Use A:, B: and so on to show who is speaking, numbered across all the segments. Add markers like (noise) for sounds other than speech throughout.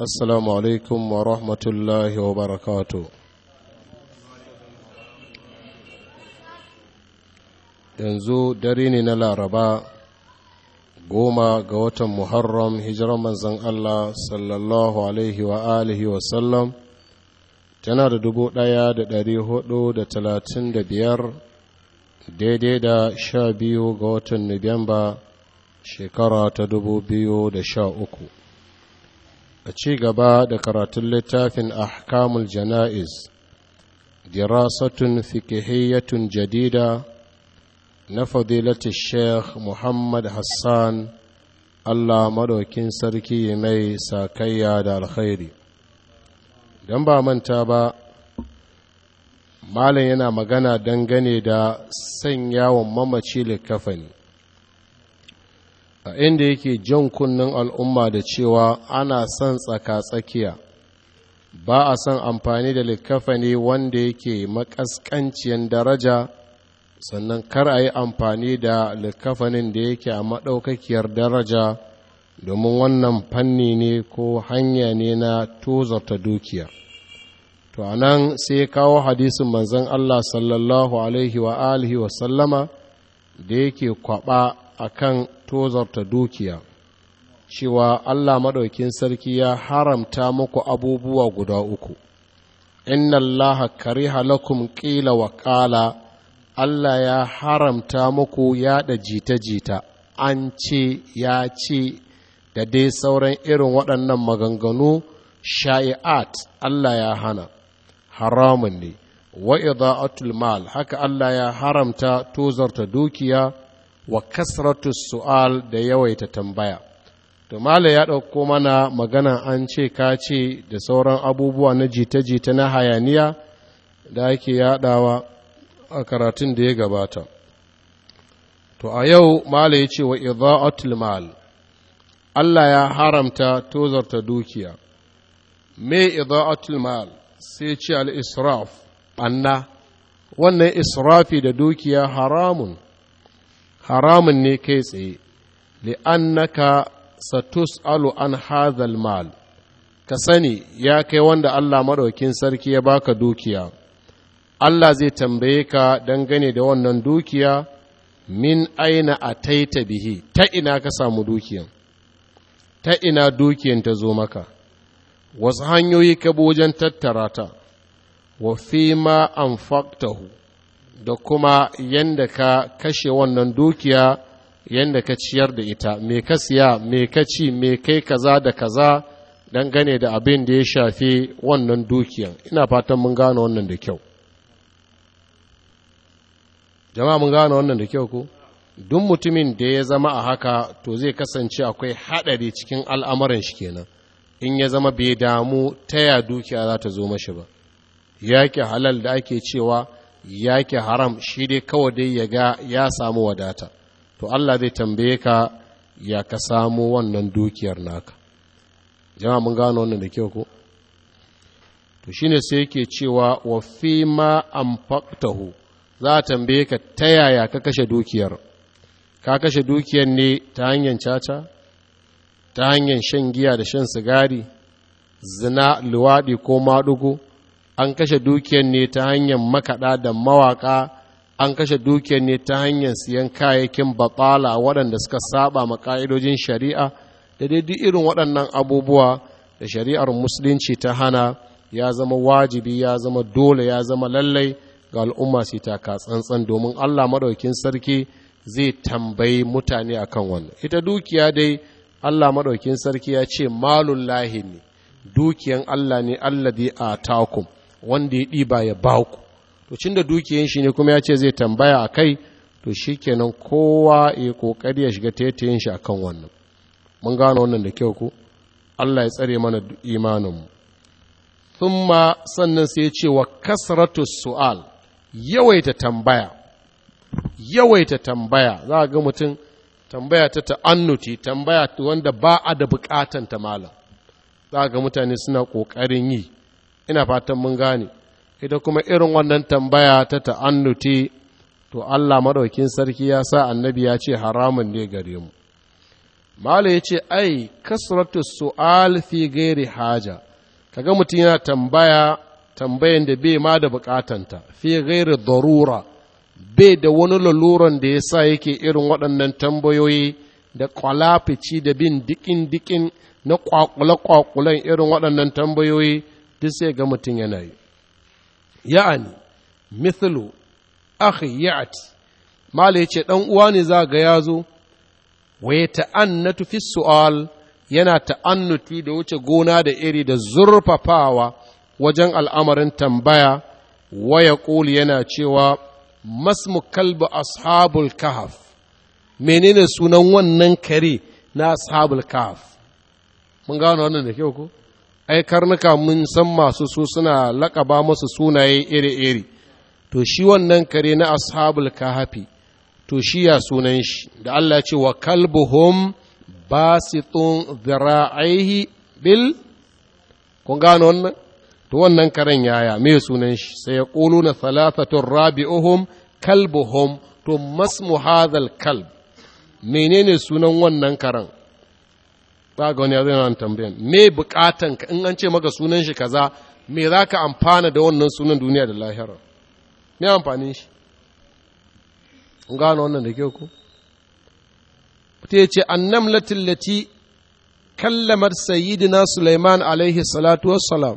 A: alaikum wa rahmatullahi wa وبركاته yanzu dare ne na laraba goma ga watan muharram hijirar manzan Allah sallallahu alaihi wa alihi wa sallam tana da dubu ɗaya da ɗari hudu da talatin da biyar daidai da sha biyu ga watan nuwamba shekara ta dubu biyu da sha uku a ci gaba da karatun littafin ahkamul jana'iz dirasatun fikihiyatun jadida na fadilata sheikh muhammad hassan allah madaukin sarki mai sakayya da alkhairi don ba manta ba malam yana magana dangane da sanyawan mamaci likafani a inda yake jan kunnen al'umma da cewa ana son tsaka-tsakiya ba a son amfani da likafani wanda yake makaskanciyar daraja sannan kar a yi amfani da likafanin da yake a maɗaukakiyar daraja domin wannan fanni ne ko hanya ne na tozarta dukiya to a nan sai kawo hadisin manzon Allah sallallahu alaihi wa alihi wa da yake kwaba akan tozarta dukiya cewa Allah maɗaukin sarki ya haramta muku abubuwa guda uku inna Allah kariha lakum qila wa qala Allah ya haramta muku yaɗa jita-jita an ce ya ce da dai sauran irin waɗannan maganganu sha'i'at Allah ya hana haramun ne wa mal haka Allah ya haramta tozarta dukiya wa kasratu su'al da yawaita tambaya to mala ya ɗauko mana magana an ce ka ce da sauran abubuwa na jita-jita na hayaniya da ake yaɗawa a karatun da ya gabata to a yau mala ya ce wa idha'atul mal Allah ya haramta tozarta dukiya me idha'atul mal sai ce al-israf anna wannan israfi da dukiya haramun haramun ne kai tsaye li'annaka alu an hazal mal ka sani ya kai wanda Allah maɗaukin sarki ya baka dukiya Allah zai tambaye ka dangane da wannan dukiya min aina a taita bihi ta ina ka samu dukiyan ta ina dukiyan ta zo maka wasu hanyoyi ka wajen tattara ta wa fi ma an faktahu da kuma yadda ka kashe wannan dukiya yadda ka ciyar da ita me ka siya me ka ci me kai kaza da kaza dangane da abin da ya shafi wannan dukiyan ina fatan mun gane wannan da kyau jama'a mun gane wannan da kyau ko duk mutumin da ya zama a haka to zai kasance akwai haɗari cikin al'amuran shi kenan in ya zama bai damu ta ya dukiya za ta zo mashi ba yaƙi halal da ake cewa Ya ke haram shi dai kawai dai ya ga ya samu wadata to Allah zai tambaye ka ya ka samu wannan dukiyar naka jama'a mun gano wannan da kyau ko to shine sai yake cewa wa fi ma anfaqtahu za a tambaye ka ta yaya ka kashe dukiyar ka kashe dukiyar ne ta hanyar caca ta hanyar shan giya da shan sigari zina luwaɗi ko maɗigo. an kashe dukiyar ne ta hanyar makaɗa da mawaƙa an kashe dukiyar ne ta hanyar siyan kayayyakin batsala waɗanda suka saba ma ƙa'idojin shari'a da daidai irin waɗannan abubuwa da shari'ar musulunci ta hana ya zama wajibi ya zama dole ya zama lallai ga al'umma su taka tsantsan domin allah maɗaukin sarki zai tambayi mutane akan wannan ita dukiya dai allah maɗaukin sarki ya ce malun lahi ne dukiyan allah ne allah a takum wanda ya ɗiba ya ba ku to cin da dukiyan shi ne kuma ya ce zai tambaya a kai to shi kenan kowa ya kokari ya shiga taitayin shi akan wannan mun gano wannan da kyau ku Allah ya tsare mana imaninmu ma sannan sai ya ce wa kasratu su'al yawaita tambaya yawaita tambaya za a ga mutum tambaya ta ta'annuti tambaya wanda ba a da bukatan ta malam za a ga mutane suna ƙoƙarin yi ina fatan mun gane ita kuma irin wannan tambaya ta ta'annuti to Allah maɗaukin sarki ya sa annabi ya ce haramun ne gare mu Malam ya ce, Ai, kasratu su'al fi gairi haja, kaga mutum yana tambaya, tambayan da bai ma da bukatanta, fi gairi darura, bai da wani laluran da ya sa yake irin waɗannan tambayoyi da kwalafici da bin dikin-dikin na kwakule-kwakulen irin waɗannan tambayoyi duk sai ga mutum yana yi ya'ani mithlu akhi ya'ati mala yace dan uwa ne za ga ya zo wa ta'annatu fi su'al yana ta'annuti da wuce gona da iri da zurfafawa wajen al'amarin tambaya waya ƙuli yana cewa masmu kalbu ashabul kahaf menene sunan wannan kare na ashabul kahaf mun gano wannan da kyau ko ai karnuka mun san masu su suna laƙaba masu sunaye iri-iri to shi wannan kare na ashabul kahafi to shi ya sunan shi da Allah ce wa kalbuhum basitun zira'aihi bil kun gano wannan to wannan karen yaya me sunan shi sai ya qulu na thalathatu rabi'uhum kalbuhum to masmu hadhal kalb menene sunan wannan karen za ga wani ya yana tambayan me bukatan ka in an ce maka sunan shi kaza me za ka amfana da wannan sunan duniya da lahira me amfanin shi gano wannan da kyau ku ta ce annam latillati kallamar sayyidina Sulaiman alaihi salatu wassalam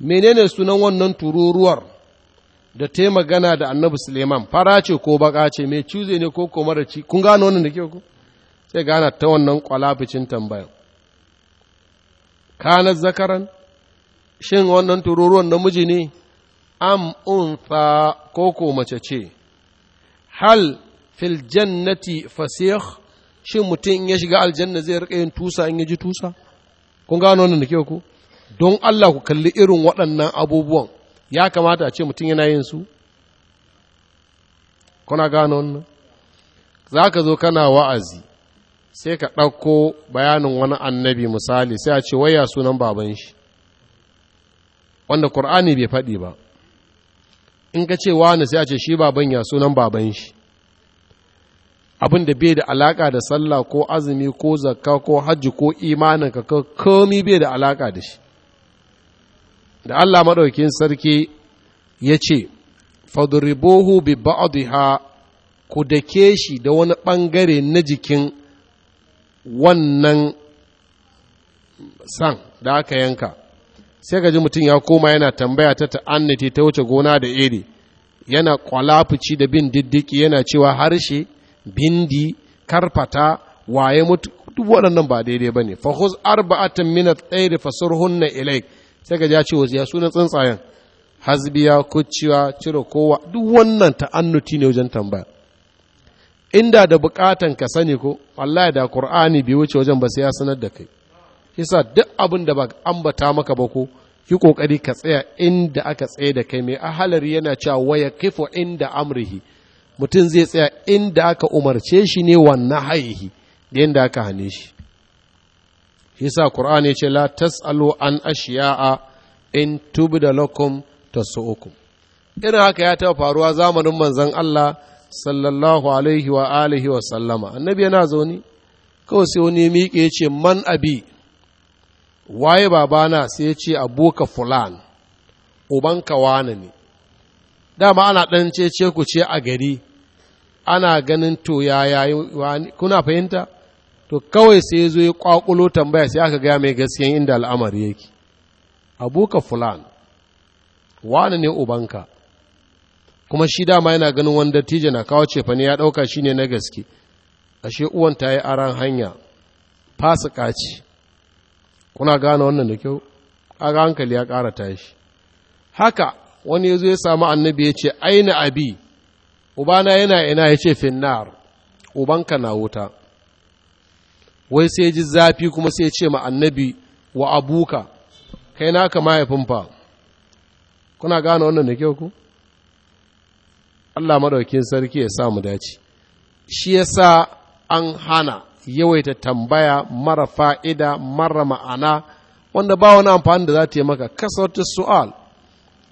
A: menene sunan wannan tururuwar da ta magana da annabi suleiman fara ce ko baka ce mai cuze ne ko ko ci kun gano wannan da kyau ku sai gana ta wannan kwalabicin tambayan kanar zakaran shin wannan tururuwan namiji ne am unfa ko mace ce hal fil jannati fasih shin mutum in ya shiga aljanna zai rika yin tusa in ya ji tusa kun gano wannan da ke ku don Allah ku kalli irin waɗannan abubuwan ya kamata a ce mutum yana yin su kuna gano wannan za ka zo kana wa'azi sai ka ɗauko bayanin wani annabi misali sai a ce waya sunan baban shi wanda ƙur'ani bai faɗi ba in ka ce wani sai a ce shi baban ya sunan baban shi abin da bai da alaƙa da sallah ko azumi ko zakka ko hajji ko imanin ka komi bai da alaƙa da shi da Allah maɗaukin sarki ya ce fadribuhu bi ha ku dake shi da wani ɓangare na jikin wannan san da aka yanka sai ka ji mutum ya koma yana tambaya ta ta'annati ta wuce gona da iri yana kwalafuci da bin diddiki yana cewa harshe bindi karfata waye mutu duk waɗannan ba daidai ba ne fahuz arba'atan mina tsaye da hunna ilaik sai ka ja ce wasu ya suna tsuntsayen hasbiya kuciya cire kowa duk wannan ta'annuti ne wajen tambaya inda da bukatan ka sani ko wallahi da qur'ani biyu wuce wajen ba sai ya sanar da kai yasa duk abin da ba ambata maka ba ko ki kokari ka tsaya inda aka tsaye da kai mai ahalar yana cewa waya kifo inda amrihi mutum zai tsaya inda aka umarce shi ne wannan haihi da yadda aka hane shi yasa qur'ani ya ce la tasalu an ashiya'a in tubda lakum tasu'ukum irin haka ya taɓa faruwa zamanin manzon Allah sallallahu alaihi wa alihi wa sallama annabi yana zaune kawai sai wani miƙe ya ce man abi waye babana sai ya ce aboka fulan ubanka wane ne dama ana ɗan cece ku ce a gari ana ganin to yaya kuna fahimta to kawai sai ya zo ya kwakulo tambaya sai aka gaya mai gaskiyan inda al'amari yake aboka fulan wane ne ubanka kuma shi dama yana ganin wani dattijo na kawo cefa ne ya ɗauka shi ne na gaske ashe uwan ta yi aran hanya fasu ce kuna gane wannan da kyau aga hankali ya ƙara tashi haka wani ya zo ya samu annabi ya ce aina abi ubana yana ina ya ce finnar ubanka na wuta wai sai ji zafi kuma sai ce ma annabi wa abuka kai naka mahaifin fa kuna gane wannan da kyau ku Allah maɗaukin sarki ya sa mu dace shi yasa an hana yawaita tambaya mara fa'ida mara ma'ana wanda ba wani amfani da za ta yi maka kasautar su'al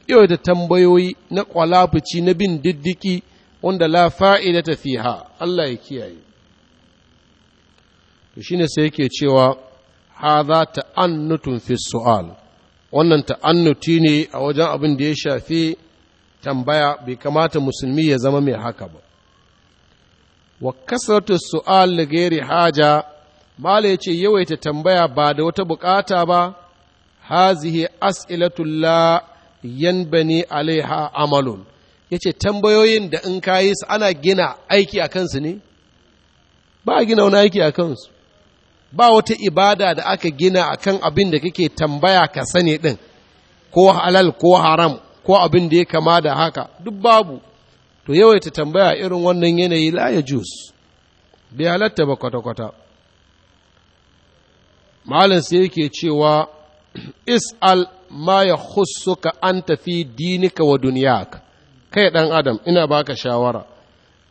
A: yawaita tambayoyi na kwalafici na bin diddiki wanda la fa'ida ta ha Allah ya kiyaye to shine sai yake cewa hadha ta'annutun fi su'al wannan ta'annuti ne a wajen abin da ya shafi tambaya bai kamata musulmi ya zama mai haka ba wa kasratu su'al li ghairi haja mala yace yawaita tambaya ba da wata bukata ba hazihi as'ilatu la yanbani alaiha amalun yace tambayoyin da in kayi su ana gina aiki a kansu ne ba a gina wani aiki a kansu ba wata ibada da aka gina akan abin da kake tambaya ka sani din ko halal ko haram ko abin da ya kama da haka duk babu to yawaita tambaya irin wannan yanayi la ya jus bi halatta ba kwata-kwata malin sai yake cewa (clears throat) is'al ma ya hussuka an tafi dinika wa duniyak kai ɗan adam ina baka shawara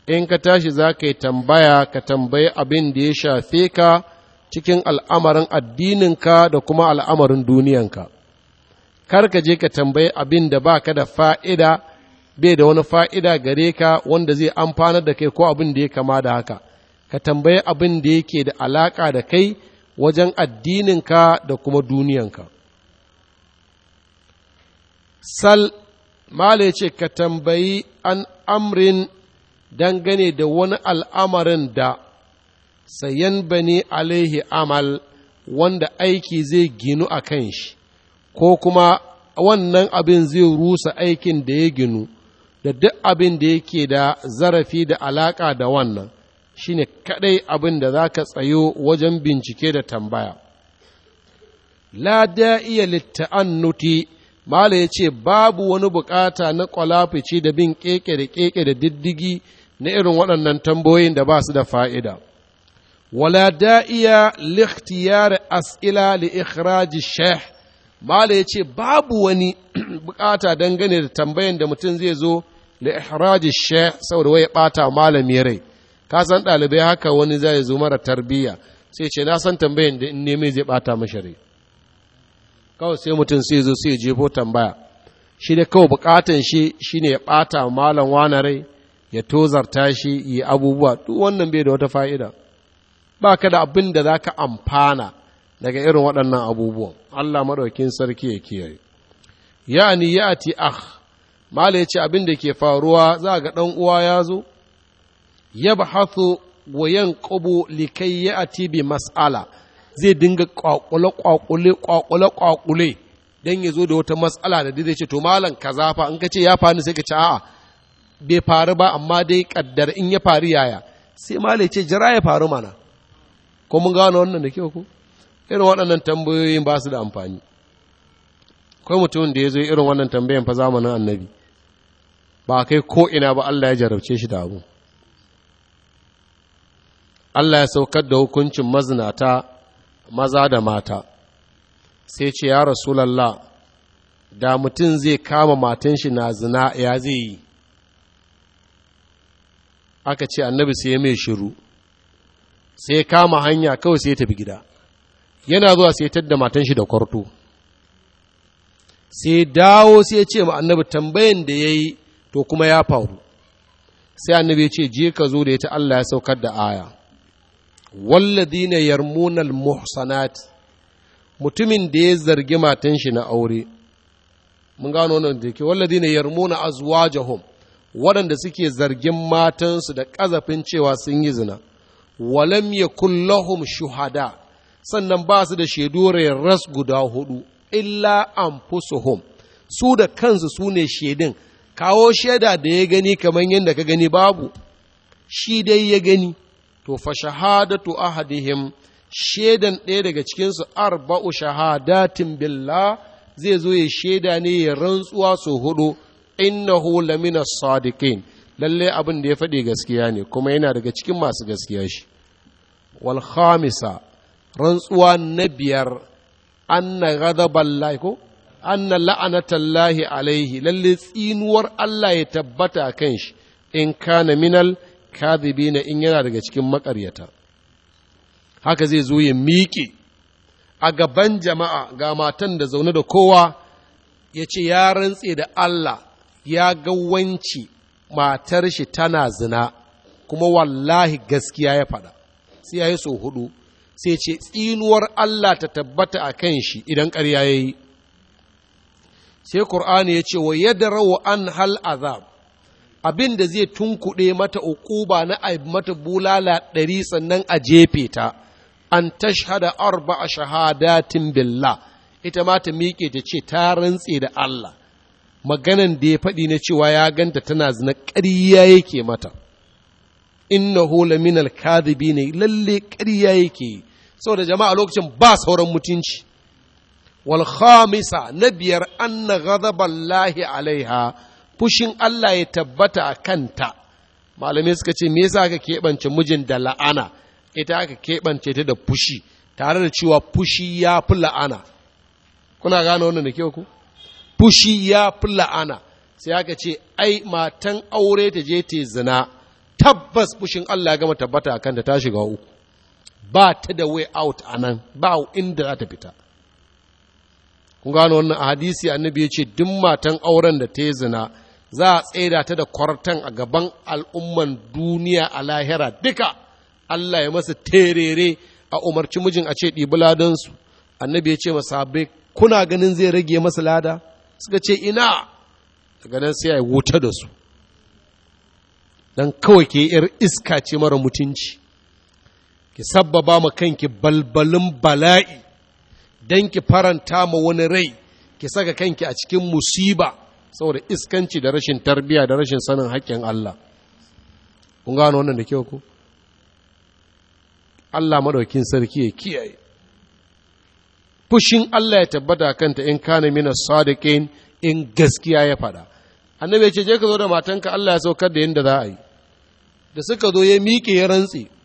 A: in ka tashi za ka yi tambaya ka tambayi abin da ya shafe ka cikin al'amarin addininka da kuma al'amarin duniyanka kar ka je ka tambayi abin da ba ka da fa'ida bai da wani fa'ida gare ka wanda zai amfanar da kai ko abin da ya kama da haka ka tambayi abin da yake da alaƙa da kai wajen addininka da kuma duniyanka sal mala ce ka tambayi an amrin dangane da wani al'amarin da sayan bane alaihi amal wanda aiki zai ginu a kan shi ko kuma wannan abin zai rusa aikin da ya ginu da duk abin da yake da zarafi da alaƙa da wannan shine kaɗai abin da za ka tsayo wajen bincike da tambaya la da'iya litta'annuti mala ya ce babu wani bukata na kwalafici da bin keke da keke da diddigi na irin waɗannan tambayoyin da ba su da fa'ida wala da'iya likhtiyar as'ila li ikhraji sheikh Mala ya ce, Babu wani (clears throat) bukata dangane da tambayan da mutum zai zo da ihraji she saboda wai ɓata malami rai. Ka san ɗalibai haka wani zai zo mara tarbiyya sai ce, Na san tambayan da in neme zai ɓata mashi Kawai sai mutum sai zo sai jefo tambaya. Shi da kawai bukatan shi shine ya bata malam wana rai, ya tozarta shi, yi abubuwa, duk wannan bai da wata fa'ida. Ba ka da abin da za ka amfana daga irin waɗannan abubuwan Allah maɗaukin sarki ya kiyaye ya'ani ti ah mala yace abin da ke faruwa za ga ɗan uwa ya zo yabhathu wa yanqubu likai ya'ati bi mas'ala zai dinga ƙwaƙule-ƙwaƙule-ƙwaƙule-ƙwaƙule don ya zo da wata mas'ala da zai ce to malam ka zafa. in ka ce ya faru sai ka ce a'a bai faru ba amma dai kaddar in ya faru yaya sai mala ce jira ya faru mana ko mun gano wannan da kyau ko irin waɗannan tambayoyin ba su da amfani kai mutumin da ya zo irin wannan tambayan fa zamanin annabi ba kai ko ina ba Allah ya jarabce shi da abu Allah ya saukar da hukuncin mazinata maza da mata sai ce ya rasulallah da mutum zai kama matan shi na zina ya zai yi aka ce annabi sai ya mai shiru sai kama hanya kawai sai ya tafi gida yana zuwa sai tadda matan shi da kwarto sai dawo sai ya ce ma annabi tambayan da ya yi to kuma ya faru sai annabi ya ce je ka zo da ita Allah ya saukar da aya ne yarmunal muhsanat mutumin da ya zargi matan shi na aure mun gano wannan da ke ne yarmuna azwajahum waɗanda suke zargin matansu da ƙazafin cewa sun yi zina walam yakullahum shuhada sannan ba su da shaidu ras guda hudu illa an fusuhum su da kansu su ne shaidun. kawo shaida da ya gani kamar yadda ka gani babu shi dai ya gani to fa shahadatu ahadihim shaidan ɗaya daga cikinsu arba'u shahadatin billah zai zo ya shaida ne ya rantsuwa su hudu innahu lamina sadiqin Lallai abin da ya faɗi gaskiya ne kuma yana daga cikin masu gaskiya shi wal rantsuwa na biyar anna balla ko anna lahi alaihi lalle tsinuwar Allah ya tabbata a kan shi in kana minal na in yana daga cikin makaryata haka zai zo ya miƙe a gaban jama'a ga matan da zaune da kowa ya ce ya rantse da Allah ya ga wanci matar shi tana zina kuma wallahi gaskiya ya faɗa sai ya yi so hudu sai ce tsinuwar Allah ta tabbata a kan shi idan ƙarya ya yi sai ƙur'ani ya ce wa yadda rawa an hal azab abin da zai tunkuɗe mata uquba na a mata bulala ɗari sannan a jefe ta an tashhada arba a shahadatin billah ita ma ta miƙe ta ce ta rantse da Allah maganan da ya faɗi na cewa ya ganta tana zina ƙarya yake mata innahu laminal kadhibi ne lalle ƙarya yake yi da jama'a lokacin ba sauran mutunci wal khamisa na biyar anna ghadaballahi alaiha fushin Allah ya tabbata a kanta malamai suka ce me yasa aka keɓance mijin da la'ana ita aka keɓance ta da fushi tare da cewa fushi ya fi la'ana kuna gane wannan da kyau ku fushi ya fi la'ana sai aka ce ai matan aure ta je ta zina tabbas fushin Allah ya gama tabbata a kanta ta shiga uku ba ta da way out a nan ba inda za ta fita kun gano wannan a hadisi annabi ya ce duk matan auren da ta yi zina za a tsaida ta da kwartan a gaban al'umman duniya a lahira duka Allah ya masa terere a umarci mijin a ce ɗibi ladansu annabi ya ce masahabai kuna ganin zai rage masa lada suka ce ina daga nan sai ya wuta da su dan kawai ke yar iska ce mara mutunci ki sabbaba ma kanki balbalin bala'i don ki faranta ma wani rai ki saka kanki a cikin musiba saboda iskanci da rashin tarbiya da rashin sanin haƙƙin Allah kun gano wannan da kyau ku Allah madaukin sarki ya kiyaye fushin Allah ya tabbata kanta in kana mina sadiqin in gaskiya ya faɗa annabi ya ce je ka zo da matanka Allah ya saukar da yadda za a yi da suka zo ya miƙe ya rantse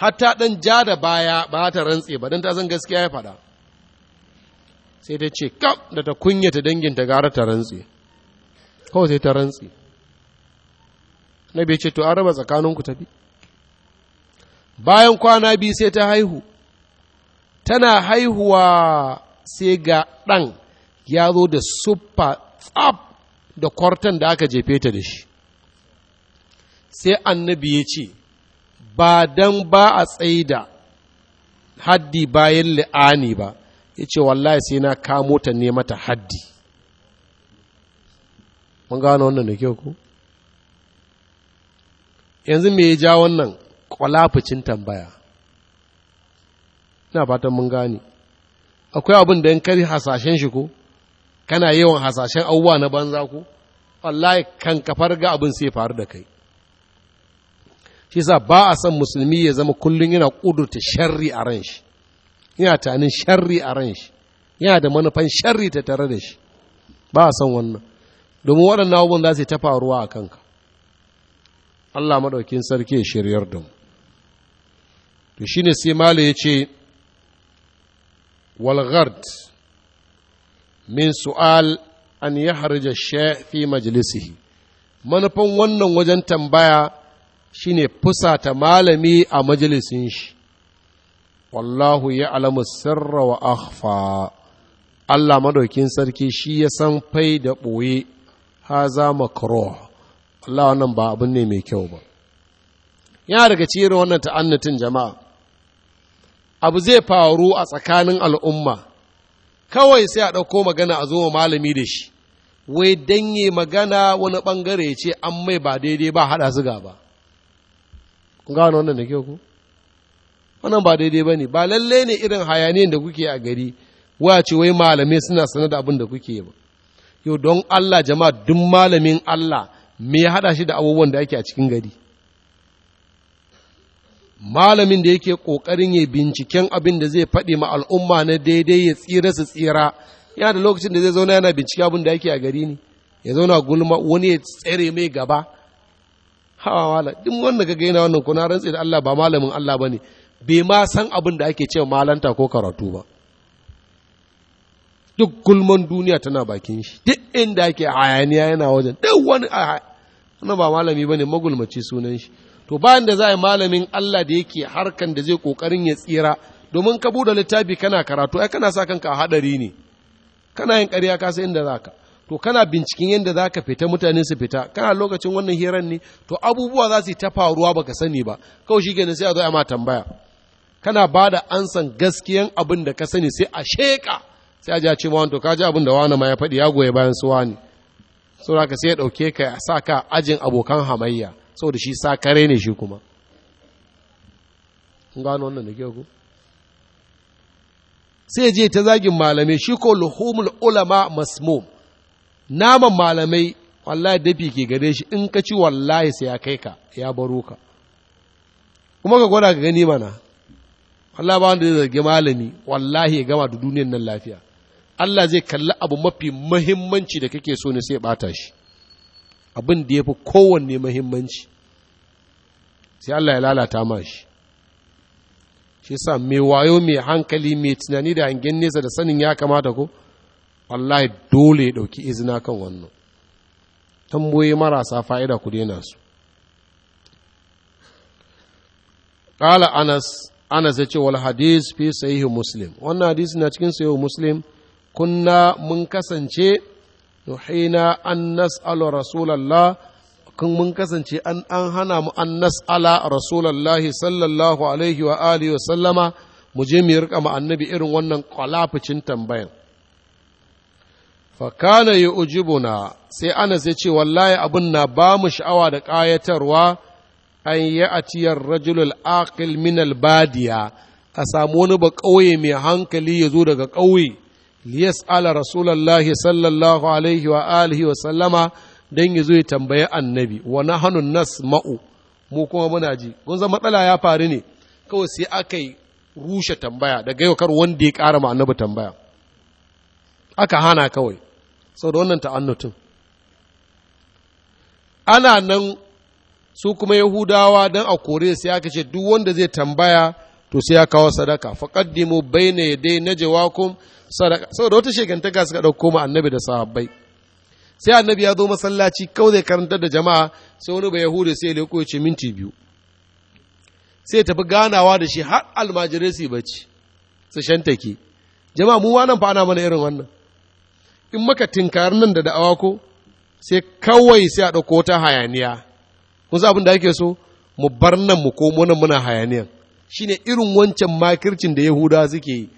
A: hatta ɗan ja da baya ba ta rantse ba don ta san gaskiya ya faɗa sai ta ce kaf da ta kunyata danginta gara ta rantse kawai sai ta rantse na ce to an raba tsakaninku tafi bayan kwana biyu sai ta haihu tana haihuwa sai ga ɗan ya zo da suffa tsab da kwartan da aka jefe ta da shi sai annabi ya ce ba dan ba a tsaida haddi bayan li'ani ba ya ce wallahi sai na kamo ta ne mata haddi mun gano wannan da kyau ko yanzu me ya ja wannan kwalafucin tambaya ina fatan mun gane akwai abin da ya kari hasashen shi ko kana yawan hasashen abubuwa na banza ko wallahi kan kafar ga abin sai faru da kai shi sa ba a son musulmi ya zama kullum yana ƙudurta sharri a ran shi yana tanin sharri a ran shi yana da manufan sharri ta tare da shi ba a son wannan domin waɗannan abubuwan za su ta faruwa a kanka Allah maɗaukin sarki ya shiryar da mu to shine sai Malam ya ce walgard min su'al an yahrija shay fi majalisihi manufan wannan wajen tambaya Shi shine fusata malami a majalisin shi wallahu ya alamu sirra wa akhfa Allah madaukin sarki shi ya san fai da ɓoye haza makro Allah wannan ba abin ne mai kyau ba yana daga cire wannan ta'annatin jama'a abu zai faru a tsakanin al'umma kawai sai a ɗauko magana a zo malami da shi wai danye magana wani ɓangare ya ce an mai ba daidai ba haɗa su ba. kun gano wannan da kyau ku wannan ba daidai ba ne ba lalle ne irin hayaniyan da kuke a gari waya ce wai malamai suna sanar da abin da kuke ba yau don Allah jama'a duk malamin Allah me ya haɗa shi da abubuwan da ake a cikin gari malamin da yake ƙoƙarin ya binciken abin da zai faɗi ma al'umma na daidai ya tsira su tsira yana da lokacin da zai zauna yana bincike abin da yake a gari ne ya zauna gulma wani ya tsere mai gaba hawa wala duk wanda kaga yana wannan ko na rantsi da Allah ba malamin Allah bane bai ma san abin da ake cewa malanta ko karatu ba duk gulman duniya tana bakin shi duk inda ake hayaniya yana wajen duk wani wannan ba malami bane magulmaci sunan shi to bayan da za a yi malamin Allah da yake harkan da zai kokarin ya tsira domin ka bude littafi kana karatu ai kana sa kanka a hadari ne kana yin ƙarya ka sai inda zaka to kana binciken yadda za ka fita mutane su fita kana lokacin wannan hiran ne to abubuwa za su ta faruwa ka sani ba kawai shi kenan sai a zo a ma tambaya kana ba da ansan gaskiyan abin da ka sani sai a sheƙa sai a ji a ce mawanto ka ji abin da wani ma ya faɗi ya goye bayan su wani saboda ka sai ya ɗauke ka ya sa ka ajin abokan hamayya saboda shi sa kare ne shi kuma kun gano wannan da kyau sai je ta zagin malamai shi ko luhumul ulama masmum naman malamai wallahi dafi ke gare shi in ka ci wallahi sai ya kai ka ya baro ka kuma ka gwada ka gani mana Allah ba wanda zai zargi malami wallahi ya gama da duniyar nan lafiya Allah zai kalli abu mafi mahimmanci da kake so ne sai ya bata shi abin da ya fi kowanne mahimmanci sai Allah ya lalata ma shi shi sa mai wayo mai hankali mai tunani da hangen nesa da sanin ya kamata ko wallahi dole ya ɗauki izina kan wannan tamboyi marasa fa'ida ku daina su ƙala anas anas ya ce wal hadis fi sahihi muslim wannan hadis na cikin sahihi muslim kunna mun kasance nuhina an nas'alu rasulallah kun mun kasance an an hana mu an nas'ala rasulallah sallallahu alaihi wa alihi wa sallama mu je mu rika mu annabi irin wannan kwalafucin tambayan fakana yi ujibuna sai ana zai ce wallahi abin na ba mu sha'awa da ƙayatarwa an yi tiyar rajulul aqil minal badiya a samu wani ba ƙauye mai hankali ya zo daga ƙauye liyas'ala rasulallahi sallallahu alaihi wa alihi wa sallama don ya zo ya tambayi annabi wa hannun nas ma'u mu kuma muna ji gunza matsala ya faru ne kawai sai aka yi rushe tambaya daga yau kar wanda ya ƙara ma annabi tambaya aka hana kawai sau da wannan ta’annutun. ana nan su kuma yahudawa don a kore sai aka ce duk wanda zai tambaya to sai ya kawo sadaka bai dai na yaday najwakum sadaka saboda wata shegantaka suka ɗauko mu annabi da sahabbai sai annabi ya zo masallaci kawai zai karantar da jama'a sai wani bai Yahudu sai ya ce minti biyu sai tafi ganawa da shi har almajirai su bacci su shantake jama'a mu wannan fa ana mana irin wannan in maka tinkar nan da da'awa ko sai kawai sai a ɗauko wata hayaniya kun abin da ake so mu bar nan mu komo nan muna hayaniyan shine irin wancan makircin da yahuda suke yi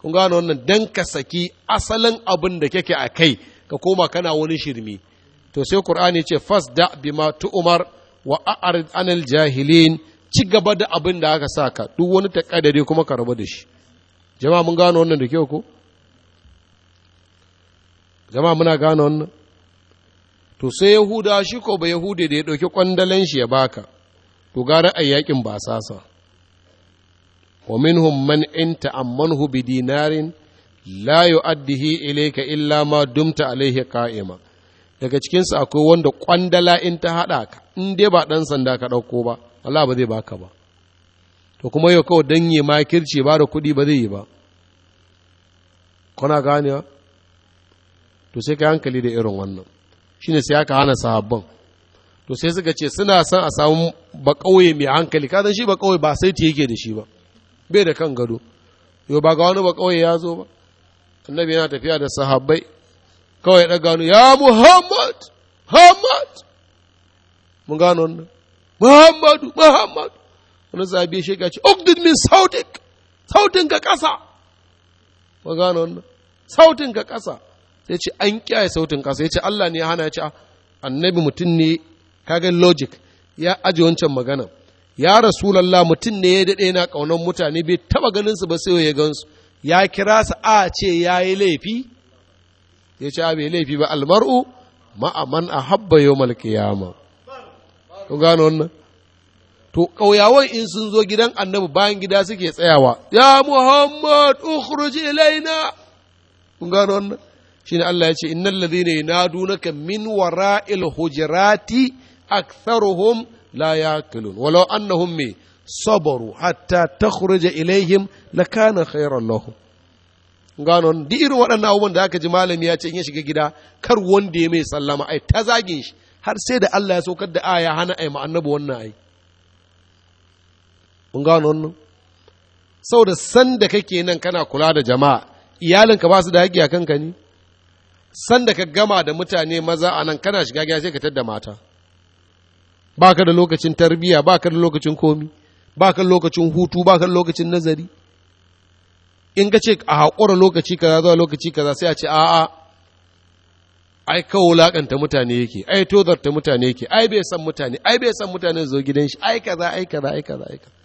A: kun gano wannan dan ka saki asalin abin da kake a kai ka koma kana wani shirmi to sai qur'ani ce fasda bima tu'mar wa a'rid anil jahilin ci gaba da abin da aka ka duk wani takadari kuma ka rabu da shi jama'a mun gano wannan da kyau ko jama'a muna gane wannan to sai yahuda shi ko ba yahude da ya ɗauki ƙwandalen shi ya baka to gara a yakin ba sasa wa minhum man in ta'ammanhu bi dinarin la yu'addihi ilayka illa ma dumta alayhi qa'ima daga su akwai wanda ƙwandala in ta haɗa ka in dai ba ɗan sanda ka ɗauko ba Allah ba zai baka ba to kuma yau kawai dan yi makirci ba da kuɗi ba zai yi ba kuna ganewa to sai ka hankali da irin wannan ne sai aka hana sahabban to sai suka ce suna son a samu ba ƙauye mai hankali ka shi ba ƙauye ba sai yake da shi ba bai da kan gado yau ba ga wani ba ƙauye ya zo ba annabi yana tafiya da sahabbai kawai ya gano ya muhammad muhammad mun gano wannan muhammadu muhammad wani sahabi ya shiga ce ugdid min sautik sautin ka kasa mun gano wannan sautin ka kasa sai ce an kiyaye sautin kasa ya ce Allah ne ya hana ya ce ah, annabi mutum ne kaga logic ya aje wancan magana ya rasulallah mutum ne ya daɗe na ƙaunar mutane bai taɓa ganin su ba sai ya gansu ya kira su a ce ya yi laifi ya ce a bai laifi ba almar'u ma'aman a habba yau ma. kun gano wannan to ƙauyawan in sun zo gidan annabi bayan gida suke tsayawa ya muhammad ukhruj ilaina kun gano wannan shine Allah ya ce innal ladhina yanadunaka min wara'il hujurati aktharuhum la yaqilun walau annahum sabaru hatta takhruja ilaihim lakana khairan lahum gano di irin waɗannan abubuwan da aka ji malami ya ce in ya shiga gida kar wanda ya mai sallama ai ta zagin shi har sai da Allah ya saukar da aya hana ai ma'annabi wannan ai kun gano wannan sau da san da kake nan kana kula da jama'a iyalinka ba su da haƙƙi a kanka ne sanda ka gama da mutane maza a nan kana shiga gida sai ka tadda mata ba ka da lokacin tarbiyya ba ka da lokacin komi ba ka da lokacin hutu ba ka da lokacin nazari in ka ce a haƙura lokaci kaza zuwa lokaci kaza sai a ce a'a ai ka wulaƙanta mutane yake ai tozarta mutane yake ai bai san mutane ai bai san mutane zo gidan shi ai kaza ai kaza ai kaza ai kaza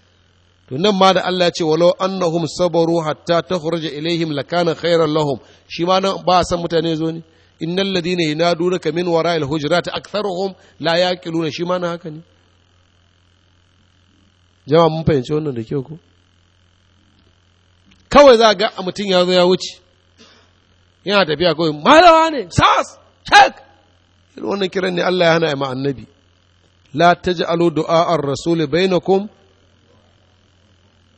A: to nan ma da Allah ya ce walau annahum sabaru hatta takhruja ilaihim lakana khairan lahum shi ma nan ba san mutane zo ne innal ladina yanadunaka min wara'il hujurat aktharuhum la yaqiluna shi ma na haka ne jama'a mun fahimci wannan da kyau ko kawai za ga mutum ya zo ya wuce yana tafiya kawai malawa ne sas shak wannan kiran ne Allah ya hana ma annabi la taj'alu du'a ar-rasul bainakum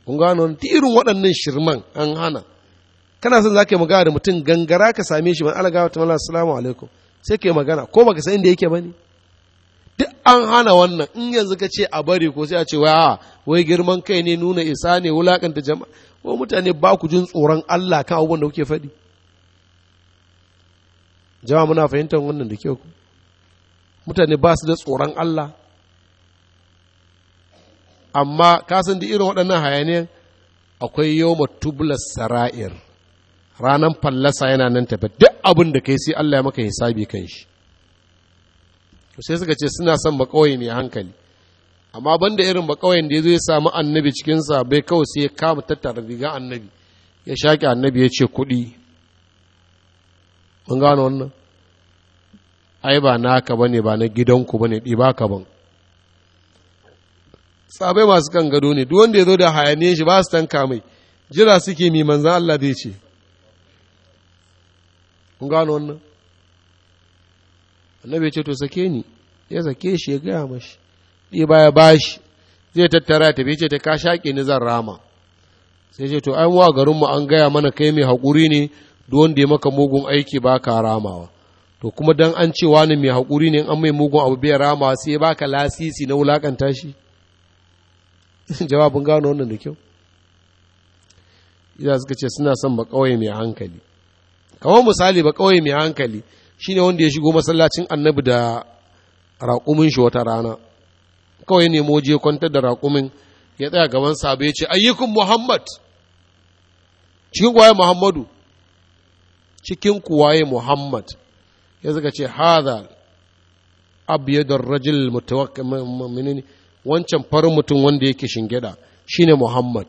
A: kun gano ta irin waɗannan shirman an hana kana son za ka yi magana da mutum gangara ka same shi ala alagawa ta malar salamu alaikum sai ka yi magana ko baka san inda yake ba ne duk an hana wannan in yanzu ka ce a bari ko sai a ce wa ah, wai girman kai ne nuna isa ne wulakanta jama'a ko mutane ba ku jin tsoron Allah kan abubuwan da kuke faɗi jama'a muna fahimtar wannan da kyau mutane ba su da tsoron Allah amma kasan da irin waɗannan hayaniyan akwai yau tublar sara'ir ranar fallasa yana nan tafi duk abin da kai sai Allah ya maka hisabi kan shi sai suka ce suna son makawai mai hankali amma ban da irin makawai da ya zo ya samu annabi cikinsa bai kawai sai ya kama tattara riga annabi ya shaƙi annabi ya ce kuɗi mun gano wannan ai ba naka bane ba na gidanku bane ɗi ba ka ban sabai masu kan gado ne duk wanda ya zo da hayaniye shi ba su tanka mai jira suke mi manzan Allah zai ce kun gano wannan annabi ce to sake ni ya sake shi ya gaya mashi ɗi baya bashi zai tattara ta ce ta ka shaƙe ni zan rama sai ce to an wa garinmu an gaya mana kai mai haƙuri ne duk wanda ya maka mugun aiki ba ka ramawa to kuma dan an ce wani mai haƙuri ne an mai mugun abu bai ramawa sai ya baka lasisi na wulakanta shi (laughs) jawabin gano wannan da kyau ya suka ce suna son ba kawai mai hankali kamar misali ba kawai mai hankali shine wanda ya shigo masallacin annabi da raƙumin shi wata rana kawai nemo waje kwantar da raƙumin ya tsaya gaban ya ce ayyukun muhammad cikin kuwaye muhammadu cikin kuwaye muhammad ya suka ce hadha abyadar rajul mutawakkil wancan farin mutum wanda yake shingida shine muhammad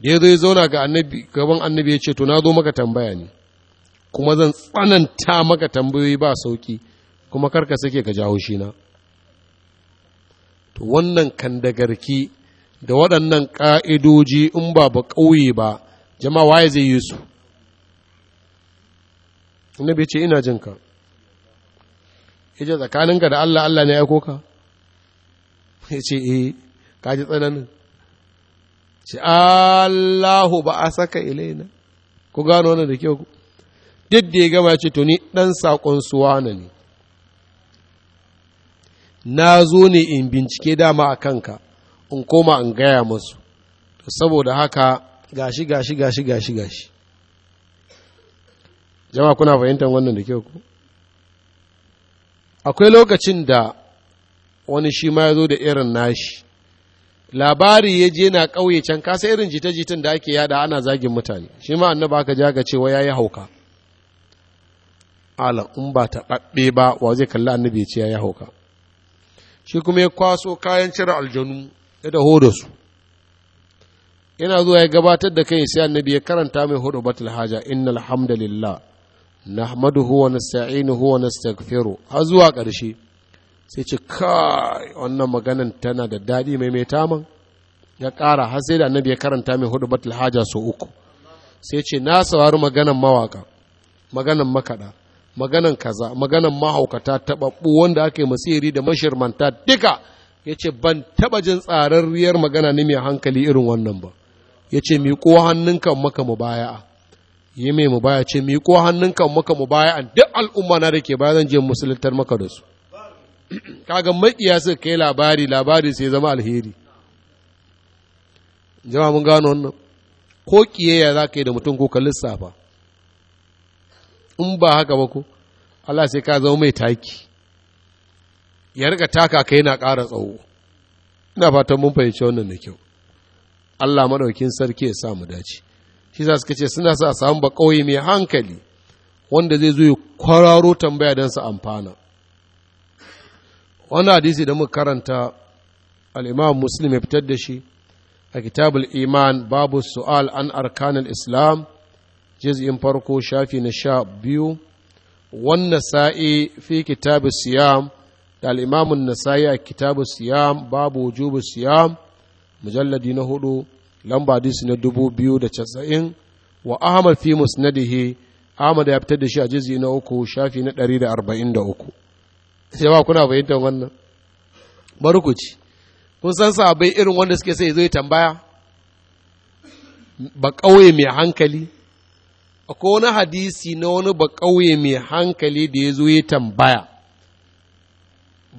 A: da ya zo zauna ga annabi gaban annabi ya ce to na zo maka tambaya ne kuma zan tsananta maka tambayoyi ba sauki kuma karka sake ka jawo shi na to wannan kandagarki da waɗannan ƙa'idoji in ba ba ƙauye ba jama'a waye zai yi su annabi ce ina jinka ya ce tsakaninka da Allah Allah ne ya aiko ka ya ce eh ji tsananin ce Allahu ba a saka ilaina ku gano wannan da kyau duk da ya gama ya ce to ni dan sakon suwana ne na zo ne in bincike dama a kanka in koma in gaya masu saboda haka gashi gashi gashi gashi gashi jama'a kuna fahimtar wannan da kyau ku akwai lokacin da wani shi ma ya zo da irin nashi labari ya je na ƙauye can kasa irin jita-jitan da ake yada ana zagin mutane shi ma annaba aka ja ga cewa ya yi hauka ala in ba ta ɓaɓɓe ba wa zai kalli annabi ya ce ya yi hauka shi kuma ya kwaso kayan cire aljanu ya da da su yana zuwa ya gabatar da kai sai annabi ya karanta mai hudu batul haja innal hamdalillah nahmaduhu wa nasta'inuhu wa nastaghfiruh har zuwa ƙarshe sai ce kai wannan maganan tana da daɗi mai mai taman ya ƙara har sai da annabi ya karanta mai hudu batul haja so uku sai ce na saurari maganan mawaka maganan makaɗa maganan kaza maganan mahaukata taɓaɓɓu wanda ake masiri da mashirmanta duka ya ce ban taba jin tsararriyar magana ne mai hankali irin wannan ba ya ce hannun hannunka maka mubaya'a yi mai mubaya ce hannun hannunka maka mubaya'an duk al'umma na da ke bayan zan je musuluntar maka da su kaga makiya suka kai labari labari sai zama alheri jama'a mun gano wannan ko kiyayya za ka yi da mutum ko ka lissafa in ba haka ba ko Allah sai ka zama mai taki ya rika taka kai na ƙara tsawo ina fatan mun fahimci wannan da kyau Allah maɗaukin sarki ya sa mu dace shi za su ce suna sa samu ba ƙauye mai hankali wanda zai zo ya kwararo tambaya dan su amfana wani hadisi da muka karanta al'imam muslim ya fitar da shi a kitabul iman babu su'al an arkanin islam jiz'in farko shafi na sha biyu wannan sa'i fi kitabu siyam da al'imamun nasa'i a kitabu siyam babu wujubu siyam mujalladi na hudu lamba hadisi na dubu biyu da casa'in wa ahmad fi musnadihi ahmad ya fitar da shi a jiz'i na uku shafi na ɗari da arba'in da uku jama'a kuna fahimtar wannan bari ku ci kun san sabai irin wanda suke sai zo ya tambaya ba ƙauye mai hankali akwai wani hadisi na wani ba ƙauye mai hankali da ya zo ya tambaya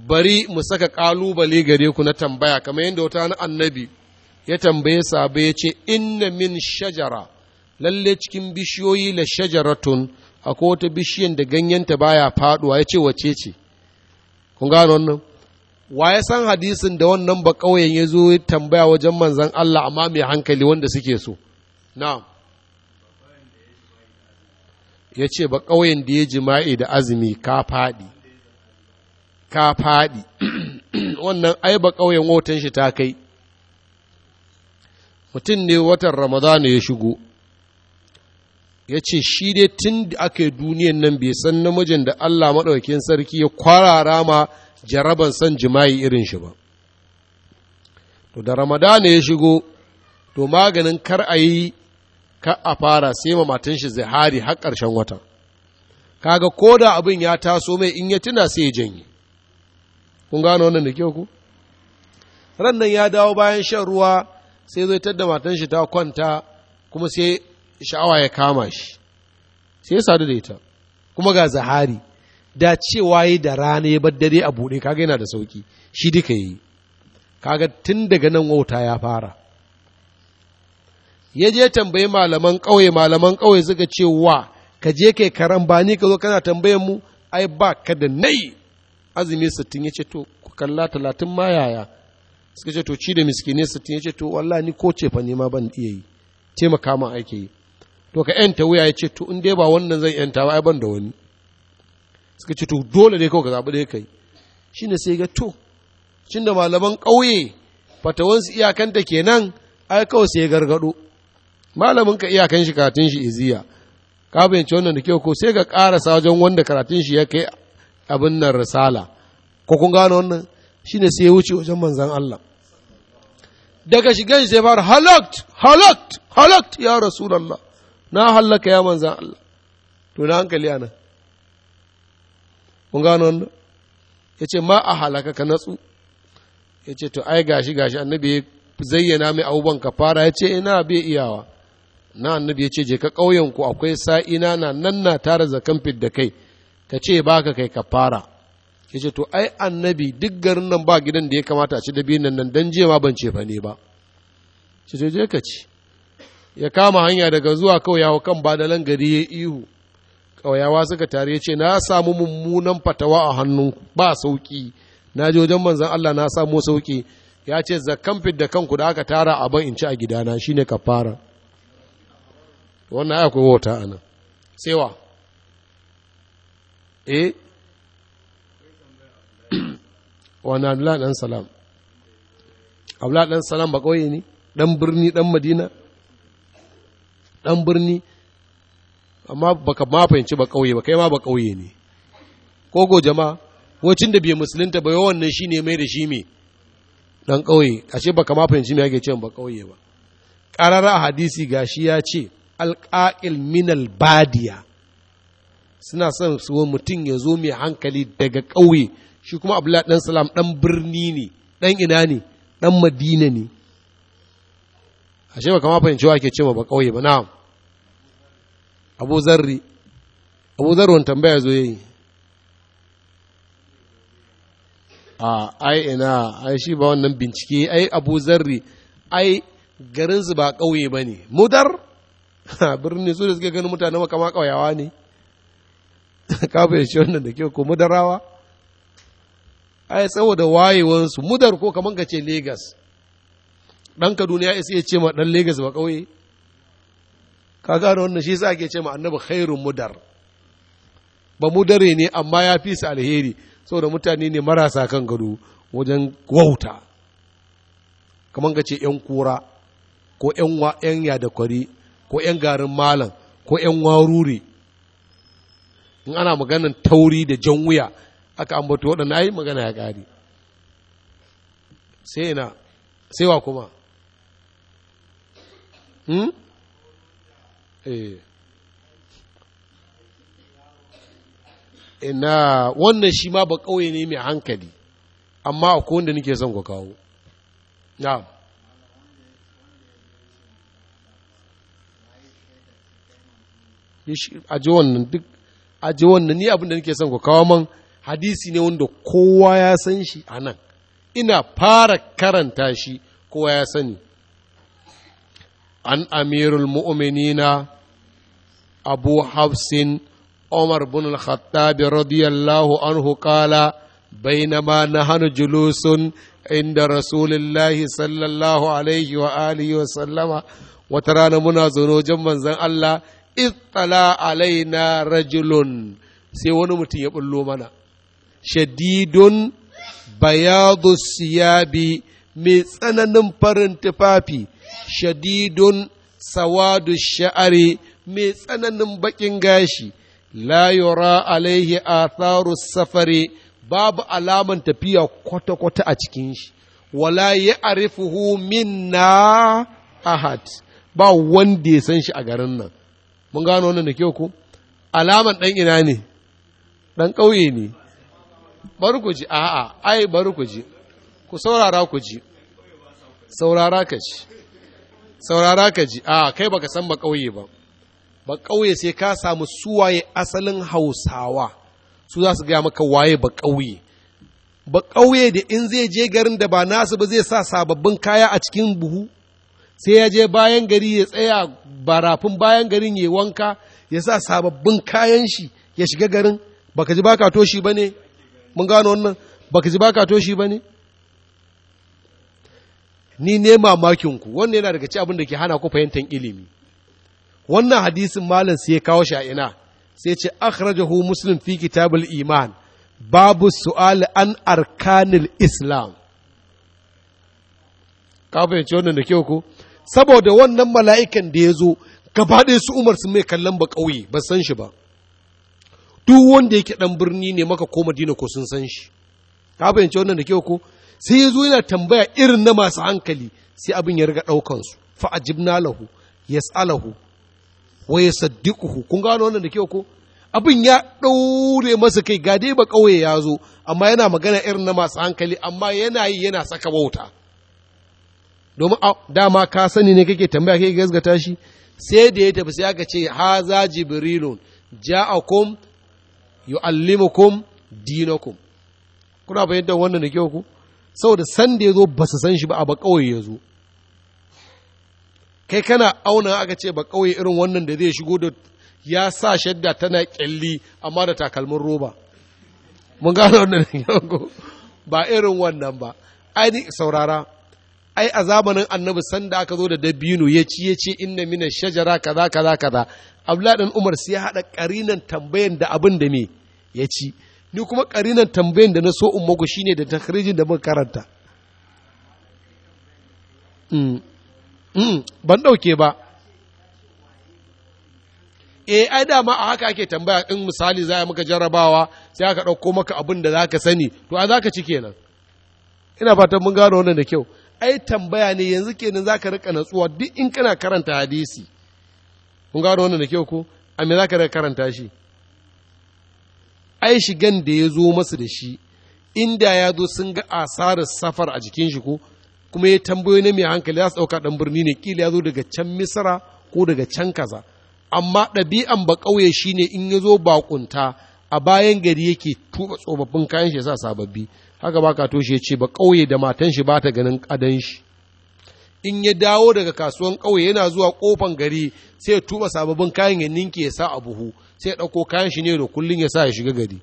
A: bari mu saka kalubale gare ku na tambaya kamar yadda wata na annabi ya tambaye sabai ya ce inna min shajara lalle cikin bishiyoyi la shajaratun akwai wata bishiyan da ganyenta baya faduwa ya ce wace ce kun gano wannan wa ya san hadisin da wannan ba ƙauyen ya zo ya tambaya wajen manzan Allah amma mai hankali wanda suke so na ya ce ba ƙauyen da ya jima'i da azumi ka faɗi ka faɗi (clears throat) wannan ai ba ƙauyen wotan shi ta kai mutum ne watan ramadana ya shigo ya ce shi dai tun da aka yi duniyan nan bai san namijin da Allah maɗaukin sarki ya kwarara ma jaraban san jima'i irin shi ba to da ramadana ya shigo to maganin kar a yi ka a fara sai ma matan shi hari har ƙarshen wata kaga ko da abin ya taso mai in ya tuna sai ya janye kun gano wannan da kyau ku ran nan ya dawo bayan shan ruwa sai zai tadda matan shi ta kwanta kuma sai sha'awa ya kama shi sai ya sadu da ita kuma ga zahari da cewa yi da rana ya dare a buɗe kaga yana da sauki shi duka yi kaga tun daga nan wauta ya fara ya je tambayi malaman ƙauye malaman ƙauye suka ce wa ka je kai karan ba ni ka zo kana tambayan mu ai ba ka da nai azumi sittin ya ce to ku kalla talatin ma yaya suka ce to ci da miskine sittin ya ce to wallahi ko ce fa nema ban iya yi taimaka ma ake yi to ka yanta wuya ya ce to in dai ba wannan zan yanta ba ai ban da wani suka ce to dole ne kawai ka zaɓi ɗaya kai shi ne sai ga to cin da malaman ƙauye fatawansu iyakanta kenan ai kawai sai gargaɗo malamin ka iyakan shi karatun shi iziya ka bayyance wannan da kyau ko sai ka ƙarasa wajen wanda karatun shi ya kai abin nan risala ko kun gano wannan shi ne sai ya wuce wajen manzan Allah daga shigan sai fara halakt halakt halakt ya rasulallah na hallaka ya manzan Allah to na hankali anan mun gano wannan ya ce ma a halaka ka natsu ya ce to ai gashi gashi annabi ya zayyana mai abubuwan ka fara ya ce ina bai iyawa na annabi ya ce je ka ƙauyenku ku akwai sa'ina na nan na tara zakan da kai ka ce baka kai ka fara ya ce to ai annabi duk garin nan ba gidan da ya kamata a ci dabi nan nan dan jiya ma ban ce fa ne ba ce je ka ci ya kama hanya daga zuwa kauyawa kan badalan gari ya ihu kauyawa suka tare ya ce na samu mummunan fatawa a hannunku ba sauki na je wajen manzan Allah na samu sauki ya ce zakan fit da kanku da aka tara abin in ci a gidana shine fara wannan akwai wata ana tsewa. eh wannan abdullahi dan salam abdullahi dan salam ba kauye ne dan birni dan madina ɗan birni amma baka ma fahimci ba ƙauye ba kai ma ba ƙauye ne kogo jama'a wacin da bai musulunta ba yawan nan ne mai da shi mai ɗan ƙauye ashe baka ma fahimci me ake cewa ba ƙauye ba Ƙararra a hadisi gashi ya ce alƙaƙil minal badiya suna son su mutum ya zo mai hankali daga ƙauye shi kuma abdullahi ɗan salam ɗan birni ne ɗan ina ne ɗan madina ne ashe ba kama fahimci wa ake cewa ba ƙauye ba na'am abu zarri abu zarwan tambaya zo yayi a ai ina ai shi ba wannan bincike ai abu zarri ai garinsu ba ƙauye ba ne mudar birni su da suke ganin mutane makama ƙauyawa ne (laughs) ka shi wannan da kyau ko mudarawa ai saboda wayewansu mudar ko kamar ka ce Legas. ɗan kaduna ya isa ya ce ma ɗan Legas ba ƙauye ka gane wannan shi sa ake ce ma annabi khairun mudar ba mudare ne amma ya fi su alheri saboda mutane ne marasa kan gado wajen wauta kamar ka ce yan kura ko yan wa yan yadakwari ko yan garin malam ko yan warure in ana maganan tauri da jan wuya aka ambato waɗanda ai magana ya ƙare sai na sai wa kuma hmm? Eh. ina wannan shi ma ba ƙauye ne mai hankali amma akwai wanda nake son ku kawo na'am aji wannan duk aji wannan ni abin da nake son ku kawo man hadisi ne wanda kowa ya san shi a nan ina fara karanta shi kowa ya sani an amirul mu'minina أبو حفص عمر بن الخطاب رضي الله عنه قال بينما نحن جلوس عند رسول الله صلى الله عليه وآله وسلم وترانا منا زنوجا من زن الله اطلع علينا رجل sai wani mutum ya bullo mana shadidun bayadu siyabi mai tsananin farin tufafi shadidun sawadu sha'ari mai tsananin baƙin gashi la yura alaihi atharu safari babu alaman tafiya kwata-kwata a cikin shi wala ya arifuhu minna ahad ba wanda ya san shi a garin nan mun gano wannan da kyau ko alaman ɗan ina ne ɗan ƙauye ne bari ku ji a'a ai bari ku ji ku saurara ku ji saurara ka ji saurara ka ji a kai baka san ba ƙauye ba ba ƙauye sai ka samu suwaye asalin hausawa su za su gaya maka waye ba ƙauye ba ƙauye da in zai je garin da ba nasu ba zai sa sababbin kaya a cikin buhu sai ya je bayan gari ya tsaya barafin bayan garin ya wanka ya sa sababbin kayan shi ya shiga garin baka ji baka toshi ba ne mun gano wannan baka ji baka toshi ba ne ni ne mamakin ku wannan yana daga ci abin da ke hana ku fahimtar ilimi wannan hadisin malam sai ya kawo shi a ina sai ce akhrajahu muslim fi kitabul iman babu su'al an arkanil islam ka fahimci wannan da kyau ko saboda wannan mala'ikan da ya zo gaba ɗaya su umar su mai kallon ba ƙauye ba san shi ba duk wanda yake ɗan birni ne maka ko madina ko sun san shi ka fahimci wannan da kyau ko sai ya zo yana tambaya irin na masu hankali sai abin ya riga ɗaukansu fa ajibna lahu yas'alahu wa ya saddiquhu kun gano wannan da kyau ko abin ya ɗaure masa kai ga dai ba ƙauye ya zo amma yana magana irin na masu hankali amma yana yi yana saka wauta domin a dama ka sani ne kake tambaya kake gasgata shi sai da ya tafi sai aka ce haza jibrilun ja'akum yu'allimukum dinakum kuna bayyana wannan da kyau ku saboda san da ya zo ba su san shi ba a ba ƙauye ya zo kai kana auna aka ce ba kawai irin wannan da zai shigo da ya sa shadda tana kyalli amma da takalmin roba mun gano wannan ba irin wannan ba ai saurara ai a zamanin annabi sanda aka zo da dabino ya ci ya ce inna mina shajara kaza kaza kaza abdullahi umar sai ya hada karinan tambayan da abin da me ya ci ni kuma karinan tambayan da na so in muku shine da takhrijin da muka karanta hmm. Hmm, ban ɗauke ba eh ai dama a haka ake tambaya in misali za a maka jarrabawa sai aka ɗauko maka abin da za ka sani to a za ka ci kenan ina fatan mun gano wannan da kyau ai tambaya ne yanzu kenan za ka rika natsuwa duk in kana karanta hadisi mun gano wannan da kyau ko a me za ka rika karanta shi ai shigan da ya zo masu da shi inda ya zo sun ga asarar safar a jikin shi ko kuma ya tambayo ne mai hankali za su ɗauka ɗan birni ne ƙila ya zo daga can misira ko daga can kaza amma ɗabi'an ba ƙauye shi ne in ya zo baƙunta a bayan gari yake tuba tsofaffin kayan shi ya sa sababbi haka ba ka toshe ce ba ƙauye da matan shi ba ta ganin ƙadan shi in ya dawo daga kasuwan ƙauye yana zuwa ƙofan gari sai ya tuba sababbin kayan ya ninke ya sa a buhu sai ya ɗauko kayan shi ne da kullum ya sa ya shiga gari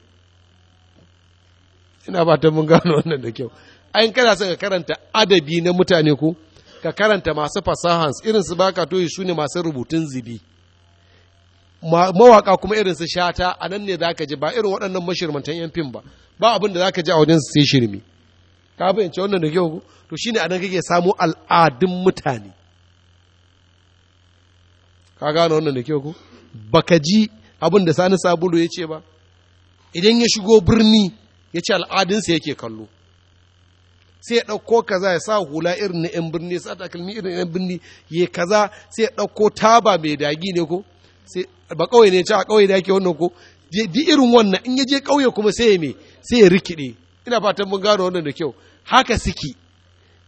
A: ina fatan mun gano wannan da kyau an kada su ka karanta adabi na mutane ko ka karanta masu fasahans irin su baka toyi su ne masu rubutun zibi mawaka kuma irin su shata a nan ne za ka ji ba irin waɗannan mashirmantan yan fim ba ba abin da za ka ji a wajen su sai shirmi ka bayyance wannan da kyau to shine a nan kake samu al'adun mutane ka gane wannan da kyau ba baka ji abin da sani sabulu ya ce ba idan ya shigo birni ya ce al'adunsa yake kallo sai ya ɗauko kaza ya sa hula irin na 'yan birni sa takalmi irin na 'yan birni ya kaza sai ya ɗauko taba mai dagi ne ko sai ba ƙauye ne ce a ƙauye da ake wannan ko di irin wannan in ya je ƙauye kuma sai ya me sai ya rikide ina fatan mun gano wannan da kyau haka siki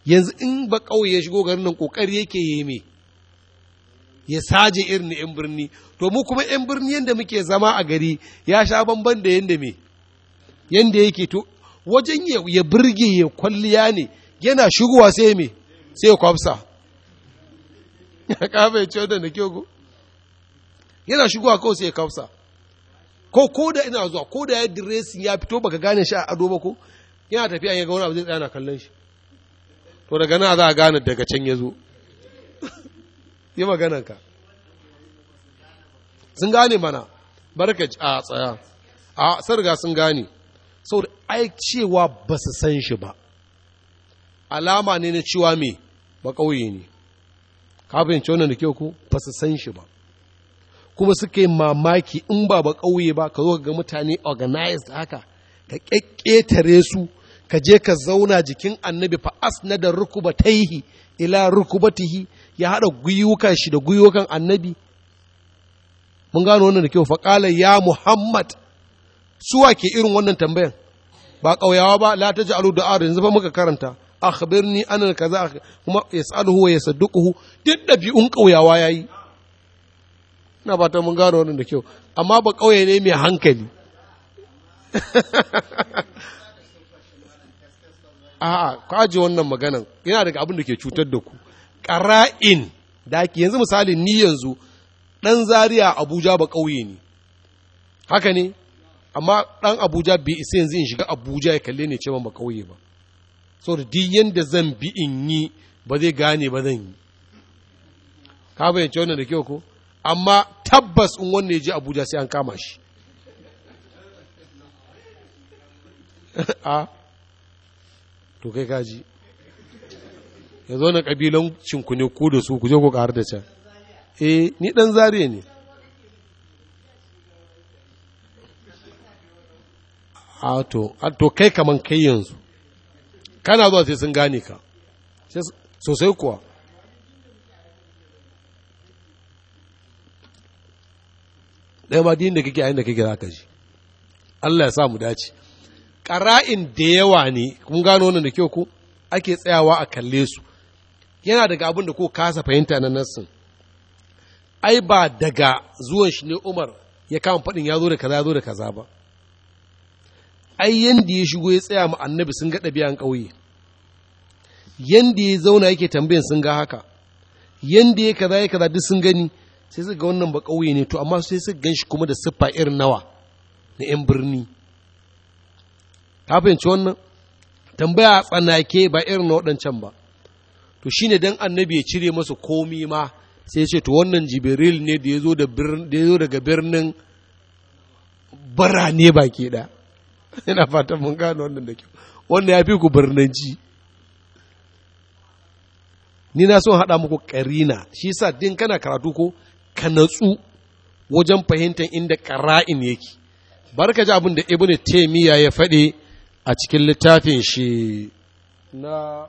A: yanzu in ba ƙauye ya shigo garin nan ƙoƙari yake yi me ya saje irin na yan birni to mu kuma yan birni yanda muke zama a gari ya sha bamban da yanda me yanda yake to wajen ya birge ya kwalliya ne yana shigowa sai me sai ya kwafsa ya kafa ya ce da na kyau yana shigowa ko sai ya kwafsa ko ko da ina zuwa ko da ya diresin ya fito baka gane shi a ado ba ko yana tafiya ya ga wani abu zai tsaya na kallon shi to daga nan za a gane daga can ya zo (laughs) yi maganan ka sun gane mana barkaci a tsaya a sarga sun gane saboda ai cewa ba su san shi ba alama ne na cewa mai ba ƙauye ne kafin fahimci da kyau ko ba su san shi ba kuma suka yi mamaki in ba ba ƙauye ba ka zo ga mutane organized haka ka ƙeƙetare su ka je ka zauna jikin annabi fa asna da rukuba rukubataihi ila rukubatihi ya haɗa gwiwukan shi da gwiwukan annabi mun gano wannan da kyau faƙala ya muhammad suwa ke irin wannan tambayan ba ƙauyawa ba la ta ja'alu da yanzu zafa muka karanta akhbirni an kaza kuma yas'aluhu wa yasadduquhu duk dabi'un ƙauyawa yayi ina fata mun gano wannan da kyau amma ba ƙauye ne mai hankali (laughs) a'a ku aje wannan maganan yana daga abin da ke cutar da ku ƙara'in da ake yanzu misali ni yanzu ɗan zaria abuja ba ƙauye ne haka ne amma ɗan abuja bi isa yanzu in shiga abuja ya kalle ne cewa ba kauye ba saboda duk yadda zan bi in yi ba zai gane ba zan yi ka bayyance wannan da kyau ko amma tabbas in wannan ya je abuja sai an kama shi (laughs) a to kai kaji yanzu wannan ƙabilan cinku ne ko da su ku je ku ƙarar da can eh ni ɗan zare ne a to kai kaman kai yanzu kana zuwa sai sun gane ka sosai kuwa ɗaya ma din da kake a inda kake za ka ji Allah ya sa mu dace ƙara'in da yawa ne kun gano wannan da kyau ko ake tsayawa a kalle su yana daga abin da ko kasa fahimta na nassin ai ba daga zuwan shi ne Umar ya kama faɗin ya zo da kaza ya zo da kaza ba ai yanda ya shigo ya tsaya mu annabi sun ga ɗabi'an ƙauye yanda ya zauna yake tambayan sun ga haka yanda ya kaza ya kaza duk sun gani sai suka ga wannan ba ƙauye ne to amma sai suka ganshi kuma da siffa irin nawa na 'yan birni ka fahimci wannan tambaya tsanake ba irin na waɗancan ba to shine dan annabi ya cire masa komi ma sai ya ce to wannan jibril ne da ya zo daga birnin birane baki ɗaya yana (laughs) fatan mun gano wannan da kyau wannan ya fi ku birninci ni na son haɗa muku ƙarina shi sa din kana karatu ko ka natsu wajen fahimtar inda ƙara'in yake barka ji abin da ibn taimiyya ya faɗi a cikin littafin shi na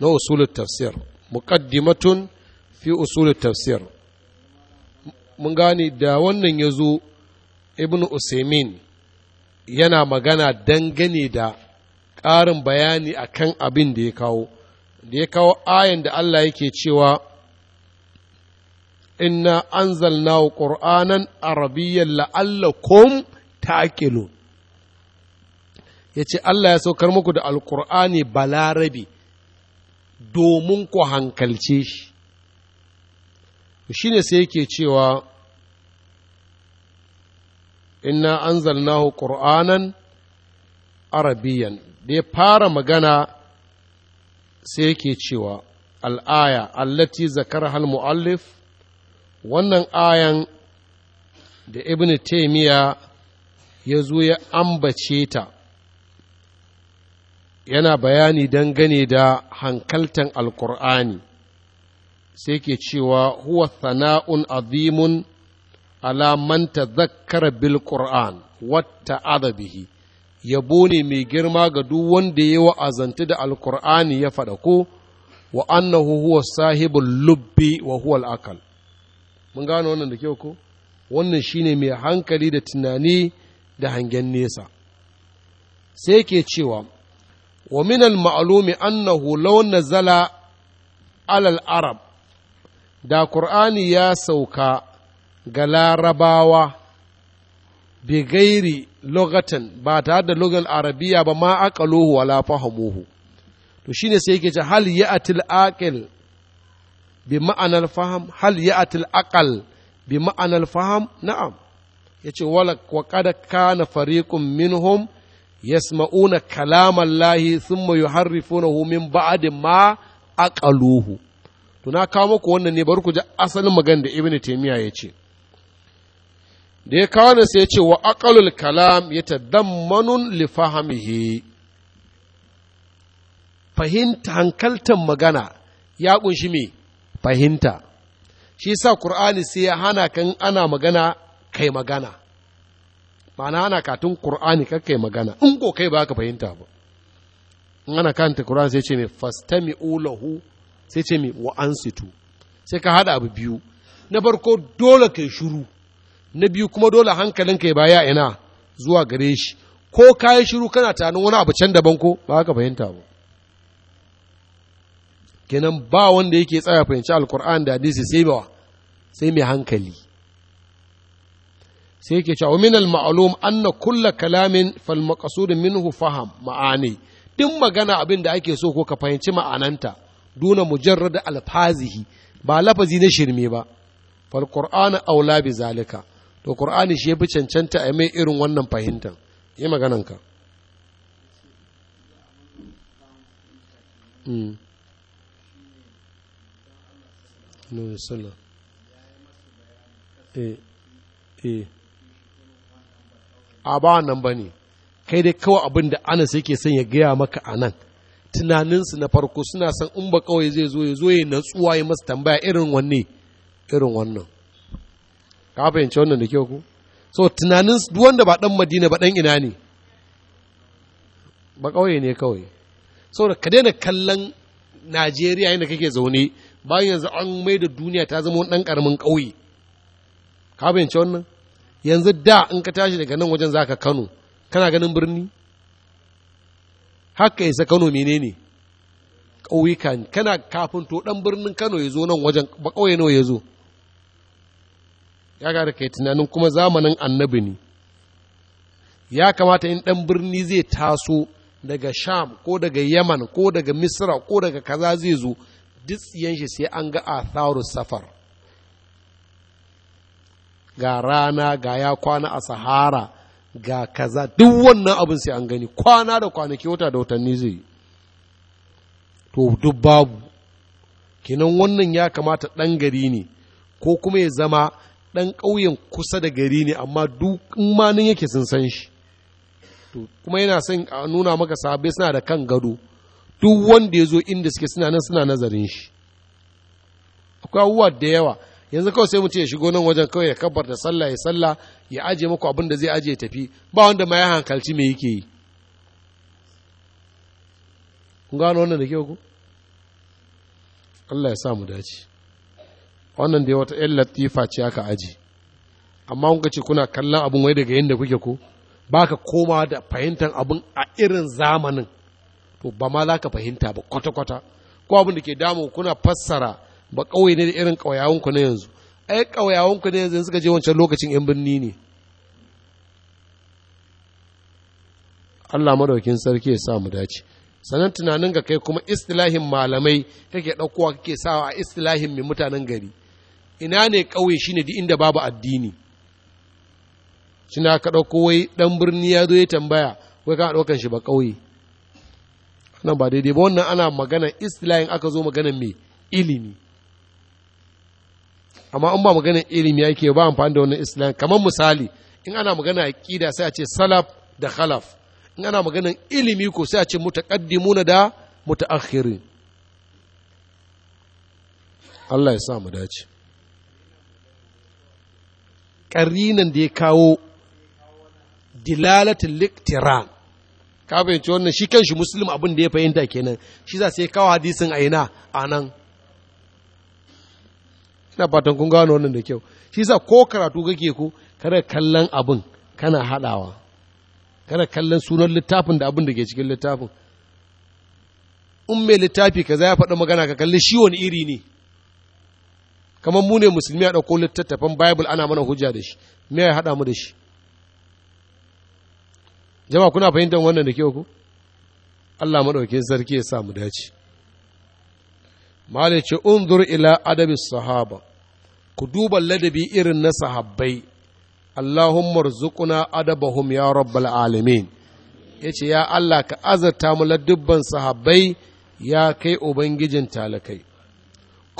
A: na usulul tafsir muqaddimatun fi usulul tafsir mun gane da wannan ya zo ibn usaimin yana magana dangane da ƙarin bayani a kan abin da ya kawo da ya kawo ayan da Allah yake cewa inna anzalnahu ƙur'anan arabiyyan ta ta'qilun ya ce Allah ya saukar muku da alkur'ani balarabi domin ku hankalce shi shi ne sai yake cewa inna anzalnahu qur'anan arabiyan da ya fara magana sai yake cewa al'aya allati zakar hal mu'allif wannan ayan da ibn taimiya ya zo ya ambace ta yana bayani dangane da hankaltan alkur'ani sai ke cewa huwa sana'un azimun Alamanta man tazakkara bil ƙur'an wata adabihi yabo ne mai girma ga duk wanda ya azanta da alƙur'ani ya faɗa ko wa annahu huwa sahibul lubbi wa huwa mun gano wannan da kyau ko wannan shine mai hankali da tunani da hangen nesa sai ke cewa wa min al-ma'lumi annahu law nazala alal arab da qur'ani ya sauka ga larabawa bi gairi logatan ba ta da logal arabiya ba ma aqaluhu wala fahamuhu to shine sai yake ce hal ya'til aqil bi ma'anar faham hal ya'til aqal bi ma'anar faham na'am yace wala wa qad kana fariqun minhum yasma'una kalamallahi thumma yuharrifunahu min ba'di ma aqaluhu to na kawo muku wannan ne bari ku ji asalin magana da ibnu taymiya yace da ya kawo ne sai ya ce wa aqalul kalam yatadammanun li fahmihi fahimta hankaltan magana ya kunshi me fahimta shi sa qur'ani sai ya hana kan ana magana kai magana ma'ana ana katun qur'ani kar kai magana in ko kai ba ka fahimta ba in ana kanta qur'ani sai ce me fastami'u lahu sai ce me wa ansitu sai ka hada abu biyu na farko dole kai shiru na biyu kuma dole hankalinka ya baya ina zuwa gare shi ko kayan shiru kana tunanin wani abu can daban ko ba ka fahimta ba kenan ba wanda yake tsaya fahimci alkur'an da hadisi sai ba sai mai hankali sai yake cewa min al-ma'lum anna kulla kalamin fal maqsud minhu faham ma'ani duk magana abin da ake so ko ka fahimci ma'ananta duna mujarrad alfazihi ba lafazi na shirme ba fal qur'an aula bi zalika to qur'ani shi yafi cancanta a mai irin wannan fahimtar yi maganan hmm. eh, eh. a ba nan ba ne kai dai kawai abin da anas yake son ya gaya maka a nan tunaninsu na farko suna son in ba kawai zai zo ya zo ya natsuwa ya masu tambaya irin wanne irin wannan ka fahimci wannan da kyau ku so tunanin duk wanda ba dan madina ba dan ina ne ba kauye ne kawai so da ka daina kallon najeriya yadda kake zaune bayan yanzu an mai da duniya ta zama wani dan karamin kauye ka fahimci wannan yanzu da in ka tashi daga nan wajen zaka kano kana ganin birni haka isa kano menene ƙauyuka kana kafin to dan birnin kano ya zo nan wajen ba kauye nawa ya zo ya gara kai tunanin kuma zamanin annabi ne ya kamata in ɗan birni zai taso daga sham ko daga yaman ko daga misra ko daga kaza zai zo duk shi sai an ga atharu safar ga rana ga ya kwana a sahara ga kaza duk wannan abin sai an gani kwana da kwanaki wata da watanni zai yi to duk babu kinan wannan ya kamata ɗan gari ne ko kuma ya zama ɗan ƙauyen kusa da gari ne amma duk manin yake sun san shi kuma yana son a nuna maka sabai suna da kan gado duk wanda ya zo inda suke suna nan suna nazarin shi akwai abubuwa da yawa yanzu kawai sai mu ce ya shigo nan wajen kawai ya kabar da sallah ya sallah ya aje muku abin da zai aje tafi ba wanda ma ya hankalci me yake yi kun gano wannan da kyau ku Allah ya sa mu dace wannan da wata yan latifa ce aka aji amma kun ce kuna kallon abin wai daga yadda kuke ku? Ba ka koma da fahimtar abin a irin zamanin to ba ma za ka fahimta ba kwata-kwata ko abin da ke damu kuna fassara ba ƙauye ne da irin ƙauyawanku na yanzu ai ƙauyawanku na yanzu suka je wancan lokacin yan birni ne Allah madaukin sarki ya sa mu dace sanan tunanin ga kai kuma istilahin malamai kake ɗaukowa kake sawa a istilahin mai mutanen gari ina ne ƙauye shine ne inda babu addini suna ka ɗauko wai ɗan birni ya zo ya tambaya wai ka ɗaukan shi ba ƙauye nan ba daidai ba wannan ana magana istilahin aka zo magana mai ilimi amma in ba magana ilimi yake ba amfani da wannan istilahin kamar misali in ana magana ƙida sai a ce salaf da khalaf in ana magana ilimi ko sai a ce mutaqaddimuna da mutaakhirin Allah ya sa mu dace ƙarinan da ya kawo dilalatin liktiran ka fahimci wannan shi kanshi muslim abin da ya fahimta kenan shi za sai kawo hadisin a ina a nan ina fatan kun gano wannan da kyau shi za ko karatu kake ko kada kallon abin kana haɗawa kada kallon sunan littafin da abin da ke cikin littafin in mai littafi za ya faɗi magana ka kalli shi wani iri ne kamar mu ne musulmi a ɗauko littattafan bible ana mana hujja da shi me ya haɗa mu da shi jama kuna fahimtar wannan da kyau ku Allah maɗaukin sarki ya sa mu dace malice unzur ila adabi sahaba ku duba ladabi irin na sahabbai Allahumma rzuquna adabahum ya rabbal alamin yace ya Allah ka azarta mu ladubban sahabbai ya kai ubangijin talakai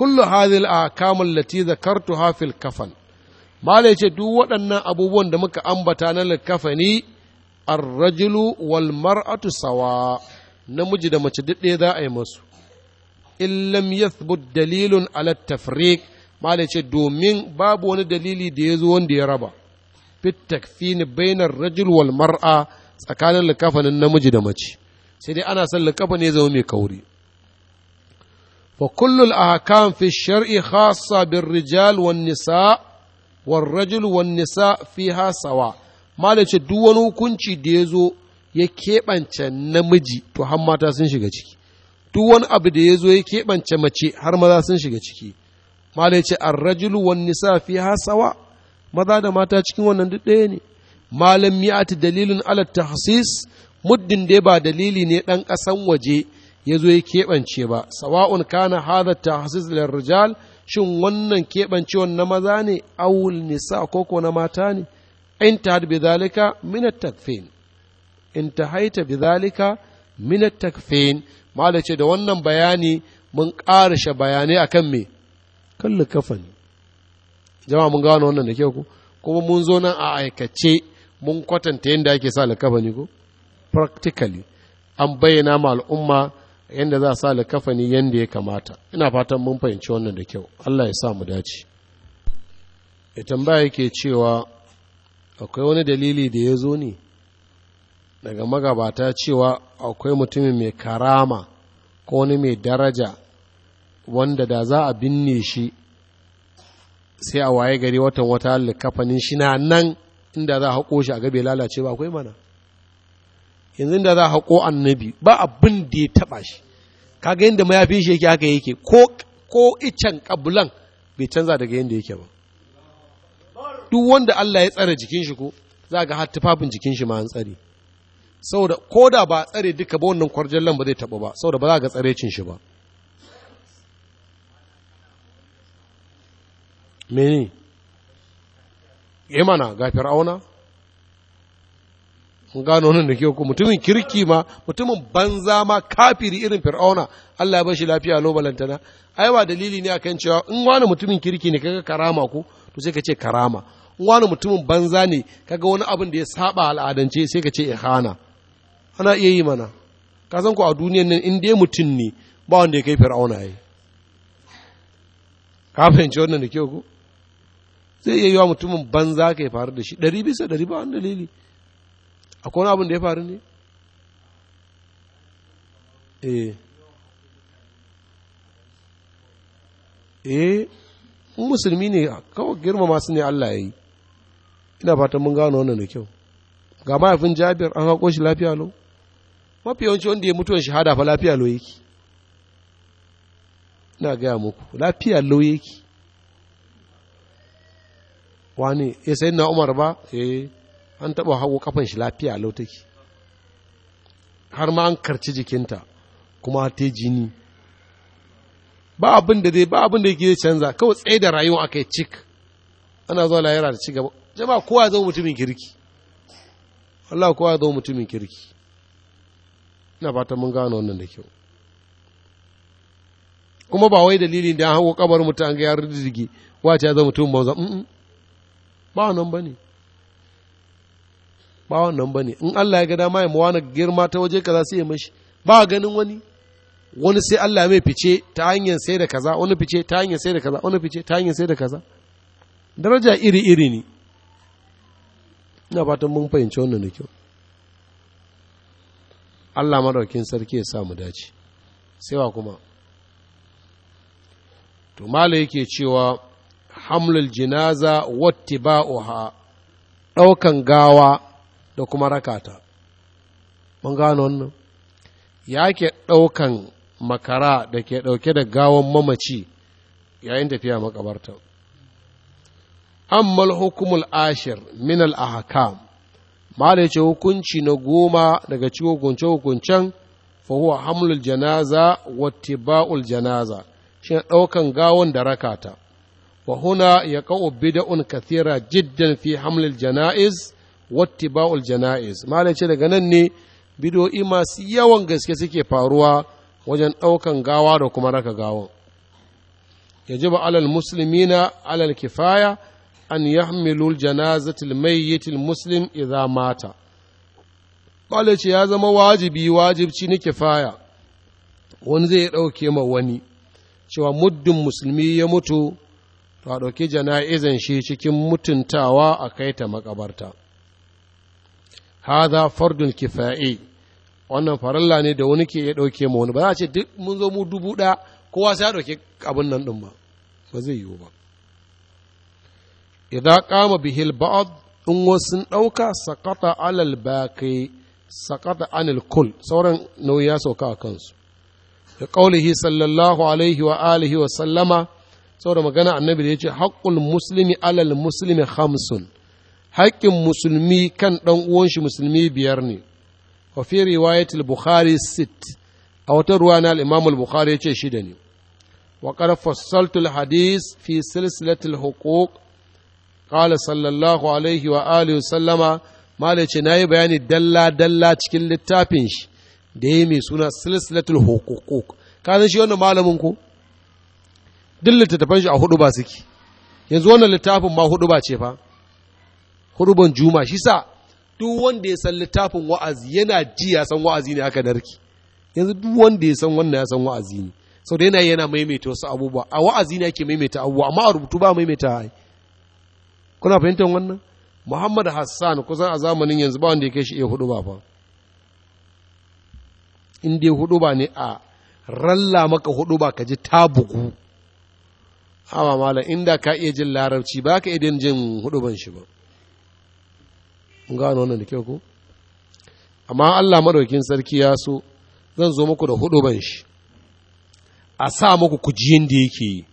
A: kullu hadhihi al-ahkam allati dhakartuha fil kafan malai ce duk waɗannan abubuwan da muka ambata na likafani ar-rajulu wal mar'atu sawa namiji da mace duk za a yi masu in lam yathbut dalilun ala tafriq malai ce domin babu wani dalili da ya zo wanda ya raba fit takfini bainar rajul wal mar'a tsakanin likafanin namiji da mace sai dai ana son likafani ya zama mai kauri wa kullul ahkam fi shar'i khassa bir rijal wan nisa wal rajul nisa fiha sawa malace duk wani hukunci da ya zo ya keɓance namiji to har mata sun shiga ciki duk wani abu da ya zo ya keɓance mace har maza sun shiga ciki malai ce arrajulu wan nisa fi hasawa maza da mata cikin wannan duk ɗaya ne malam mi'ati dalilin ala tahsis muddin dai ba dalili ne ɗan ƙasan waje ya zo ya keɓance ba sawa'un kana hadha tahsis lil rijal shin wannan keɓancewan na maza ne awul nisa koko na mata ne in ta bi zalika min at-takfin in ta haita bi zalika min at-takfin malace da wannan bayani mun ƙarishe bayanai akan me kallu kafani jama'a mun gano wannan da kyau ku kuma mun zo nan a aikace mun kwatanta yadda ake sa alkafani ko practically an bayyana ma al'umma yadda za a sa yadda ya kamata ina fatan mun fahimci wannan da kyau allah ya sa mu dace ya tambaya yake cewa akwai wani dalili da ya zo ne daga magabata cewa akwai mutumin mai karama ko wani mai daraja wanda da za a binne shi sai a waye gari watan wata kafanin shi na nan inda za a haƙo shi a gabe lalace ba akwai mana yanzu da za a haƙo annabi ba abin da ya taɓa shi kaga yadda mayafin shi yake haka yake ko icen ƙabulan bai canza daga yadda yake ba duk wanda Allah ya tsare jikin shi ko za ga har tufafin jikin shi ma an tsare saboda ko da ba tsare duka ba wannan kwarjallan ba zai taɓa ba saboda ba za ga tsare cin shi ba mene yi mana ga fir'auna an gano nan da ke ku mutumin kirki ma mutumin banza ma kafiri irin fir'auna Allah ya bashi lafiya lo balantana ai ba dalili ne akan cewa in wani mutumin kirki ne kaga karama ko to sai ka ce karama in wani mutumin banza ne kaga wani abin da ya saba al'adance sai ka ce ihana ana iya yi mana ka san ko a duniyan nan in dai mutum ne ba wanda ya kai fir'auna yayi ka fahimci wannan da ke ku, zai iya yi wa mutumin banza ka faru da shi ɗari bisa ɗari ba wani dalili akwai wani abin da ya faru ne eh eh musulmi ne kawai girmama su ne Allah ya yi ina fatan mun gano wannan da kyau ga mahaifin jabir an haƙo shi lafiya lo mafi yawanci wanda ya mutuwan shahada fa lafiya lo yake ina gaya muku lafiya lo yake wani ya eh, sayi na umar ba eh an taɓa hagu kafan shi lafiya a lautaki har ma an karci jikinta kuma ta jini ba abin da zai ba abin da yake canza kawai tsaye da rayuwa aka yi cik ana zuwa layara da cigaba jama kowa zo mutumin kirki Allah kowa zo mutumin kirki ina fata mun gano wannan da kyau kuma ba wai dalilin da an hawo kabar mutum an ga ya jirgi wace ya zama mutumin ba ba nan ba ne ba wannan bane in Allah ya ga dama ya mawana girma ta waje kaza sai ya mashi ba ganin wani wani sai Allah mai fice ta hanyar sai da kaza wani fice ta hanyar sai da kaza wani fice ta hanyar sai da kaza daraja iri iri ne ina fatan mun fahimci wannan da kyau Allah madaukin sarki ya sa mu dace sai wa kuma to mala yake cewa hamlul jinaza wattiba'uha ɗaukan gawa da kuma rakata mun gano wannan ya ke ɗaukan makara da ke ɗauke da gawon mamaci yayin tafiya makabarta ammal hukumul ashir min al ahkam mala ce hukunci na goma daga ciwo hukunce hukuncen fa hamlul janaza wa tiba'ul janaza shi ɗaukan gawon da rakata wa huna yaqau bid'un kathira jiddan fi hamlul janaiz wattiba'ul jana'iz malai ce daga nan ne bidoyi masu yawan gaske suke faruwa wajen ɗaukan gawa da kuma raka gawon. gawan يجب alal kifaya an الكفاية أن mayyitil muslim idza mata mata. ce ya zama wajibi wajibci ni kifaya wani zai ɗauke ma wani cewa muddin musulmi ya mutu to a ɗauki jana'izan shi cikin mutuntawa a kaita ta makabarta haza fardun kifa'i wannan faralla ne da wani ke ya ɗauke ma wani ba za a ce duk mun zo mu dubu ɗaya kowa sai ya ɗauke abin nan ɗin ba ba zai yiwu ba idan kama bihil ba'ad in wasu ɗauka sakata alal baƙi sakata anil kul sauran nauyi ya sauka a kansu da ƙaulihi sallallahu alaihi wa alihi wa sallama saboda magana annabi da ya ce haƙƙul muslimi alal muslimi khamsun haƙƙin musulmi kan ɗan uwanshi musulmi biyar ne wa fi riwayat al-bukhari sit a wata ruwa na al-imam al-bukhari ce shida ne wa qad fassaltu al-hadith fi silsilatul al-huquq qala sallallahu alaihi wa alihi wa sallama mala yace nayi bayani dalla dalla cikin littafin shi da yi mai suna silsilatul huquq ka san shi wannan malamin ko duk littattafan shi a hudu ba suke yanzu wannan littafin ma hudu ba ce fa huruban juma shi sa duk wanda ya san littafin wa'azi yana ji ya san wa'azi ne aka narki yanzu duk wanda ya san wannan ya san wa'azi ne sau da yana yana maimaita wasu abubuwa a wa'azi ne ake maimaita abubuwa amma a rubutu ba maimaita ai kuna fahimtar wannan muhammad hassan kusan a zamanin yanzu ba wanda ya kai shi iya hudu ba fa in dai hudu ba ne a ralla maka hudu ba ka ji ta bugu amma malam inda ka iya jin larabci ba ka iya jin hudu ban shi ba gano wannan da kyau ko amma Allah madaukin sarki ya so zan zo muku da hudu ban shi a sa muku kujiyin da yake yi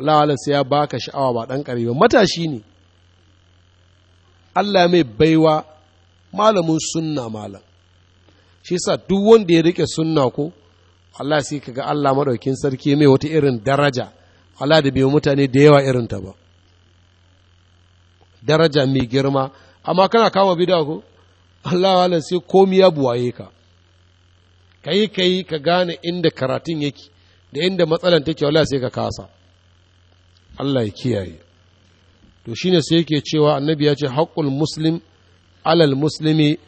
A: Allah Allah sai ya baka sha'awa ba dan kare ba matashi ne Allah mai baiwa malamin sunna malam shi sa duk wanda ya rike sunna ko Allah sai kaga Allah madaukin sarki mai wata irin daraja Allah da bai mutane da yawa irin ta ba daraja mai girma amma kana kama bida ko Allah wa sai komi ya buwaye ka kai kai ka gane inda karatun yake da inda matsalan take wala sai ka kasa Allah ya kiyaye to shine sai yake cewa annabi ya ce haqqul muslim alal muslimi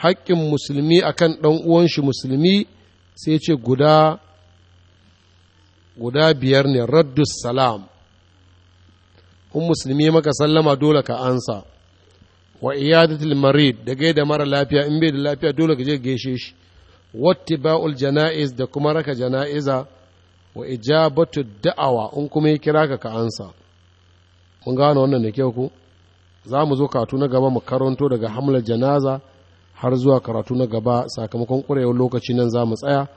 A: haƙƙin musulmi akan ɗan uwan shi musulmi sai ce guda guda biyar ne raddus salam in musulmi maka sallama dole ka ansa wa iyadatul marid da da mara lafiya in bai da lafiya dole ka je gaishe shi wattiba'ul jana'iz da kuma raka jana'iza wa ijabatu da'awa in kuma ya kira ka ka ansa mun gano wannan da kyau ku za mu zo karatu na gaba mu karanto daga hamlar janaza har zuwa karatu na gaba sakamakon ƙurewar lokaci nan za mu tsaya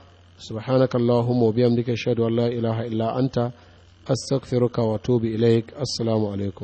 A: subhanakallahumma wa bihamdika ashhadu an la ilaha illa anta astaghfiruka wa atubu assalamu alaikum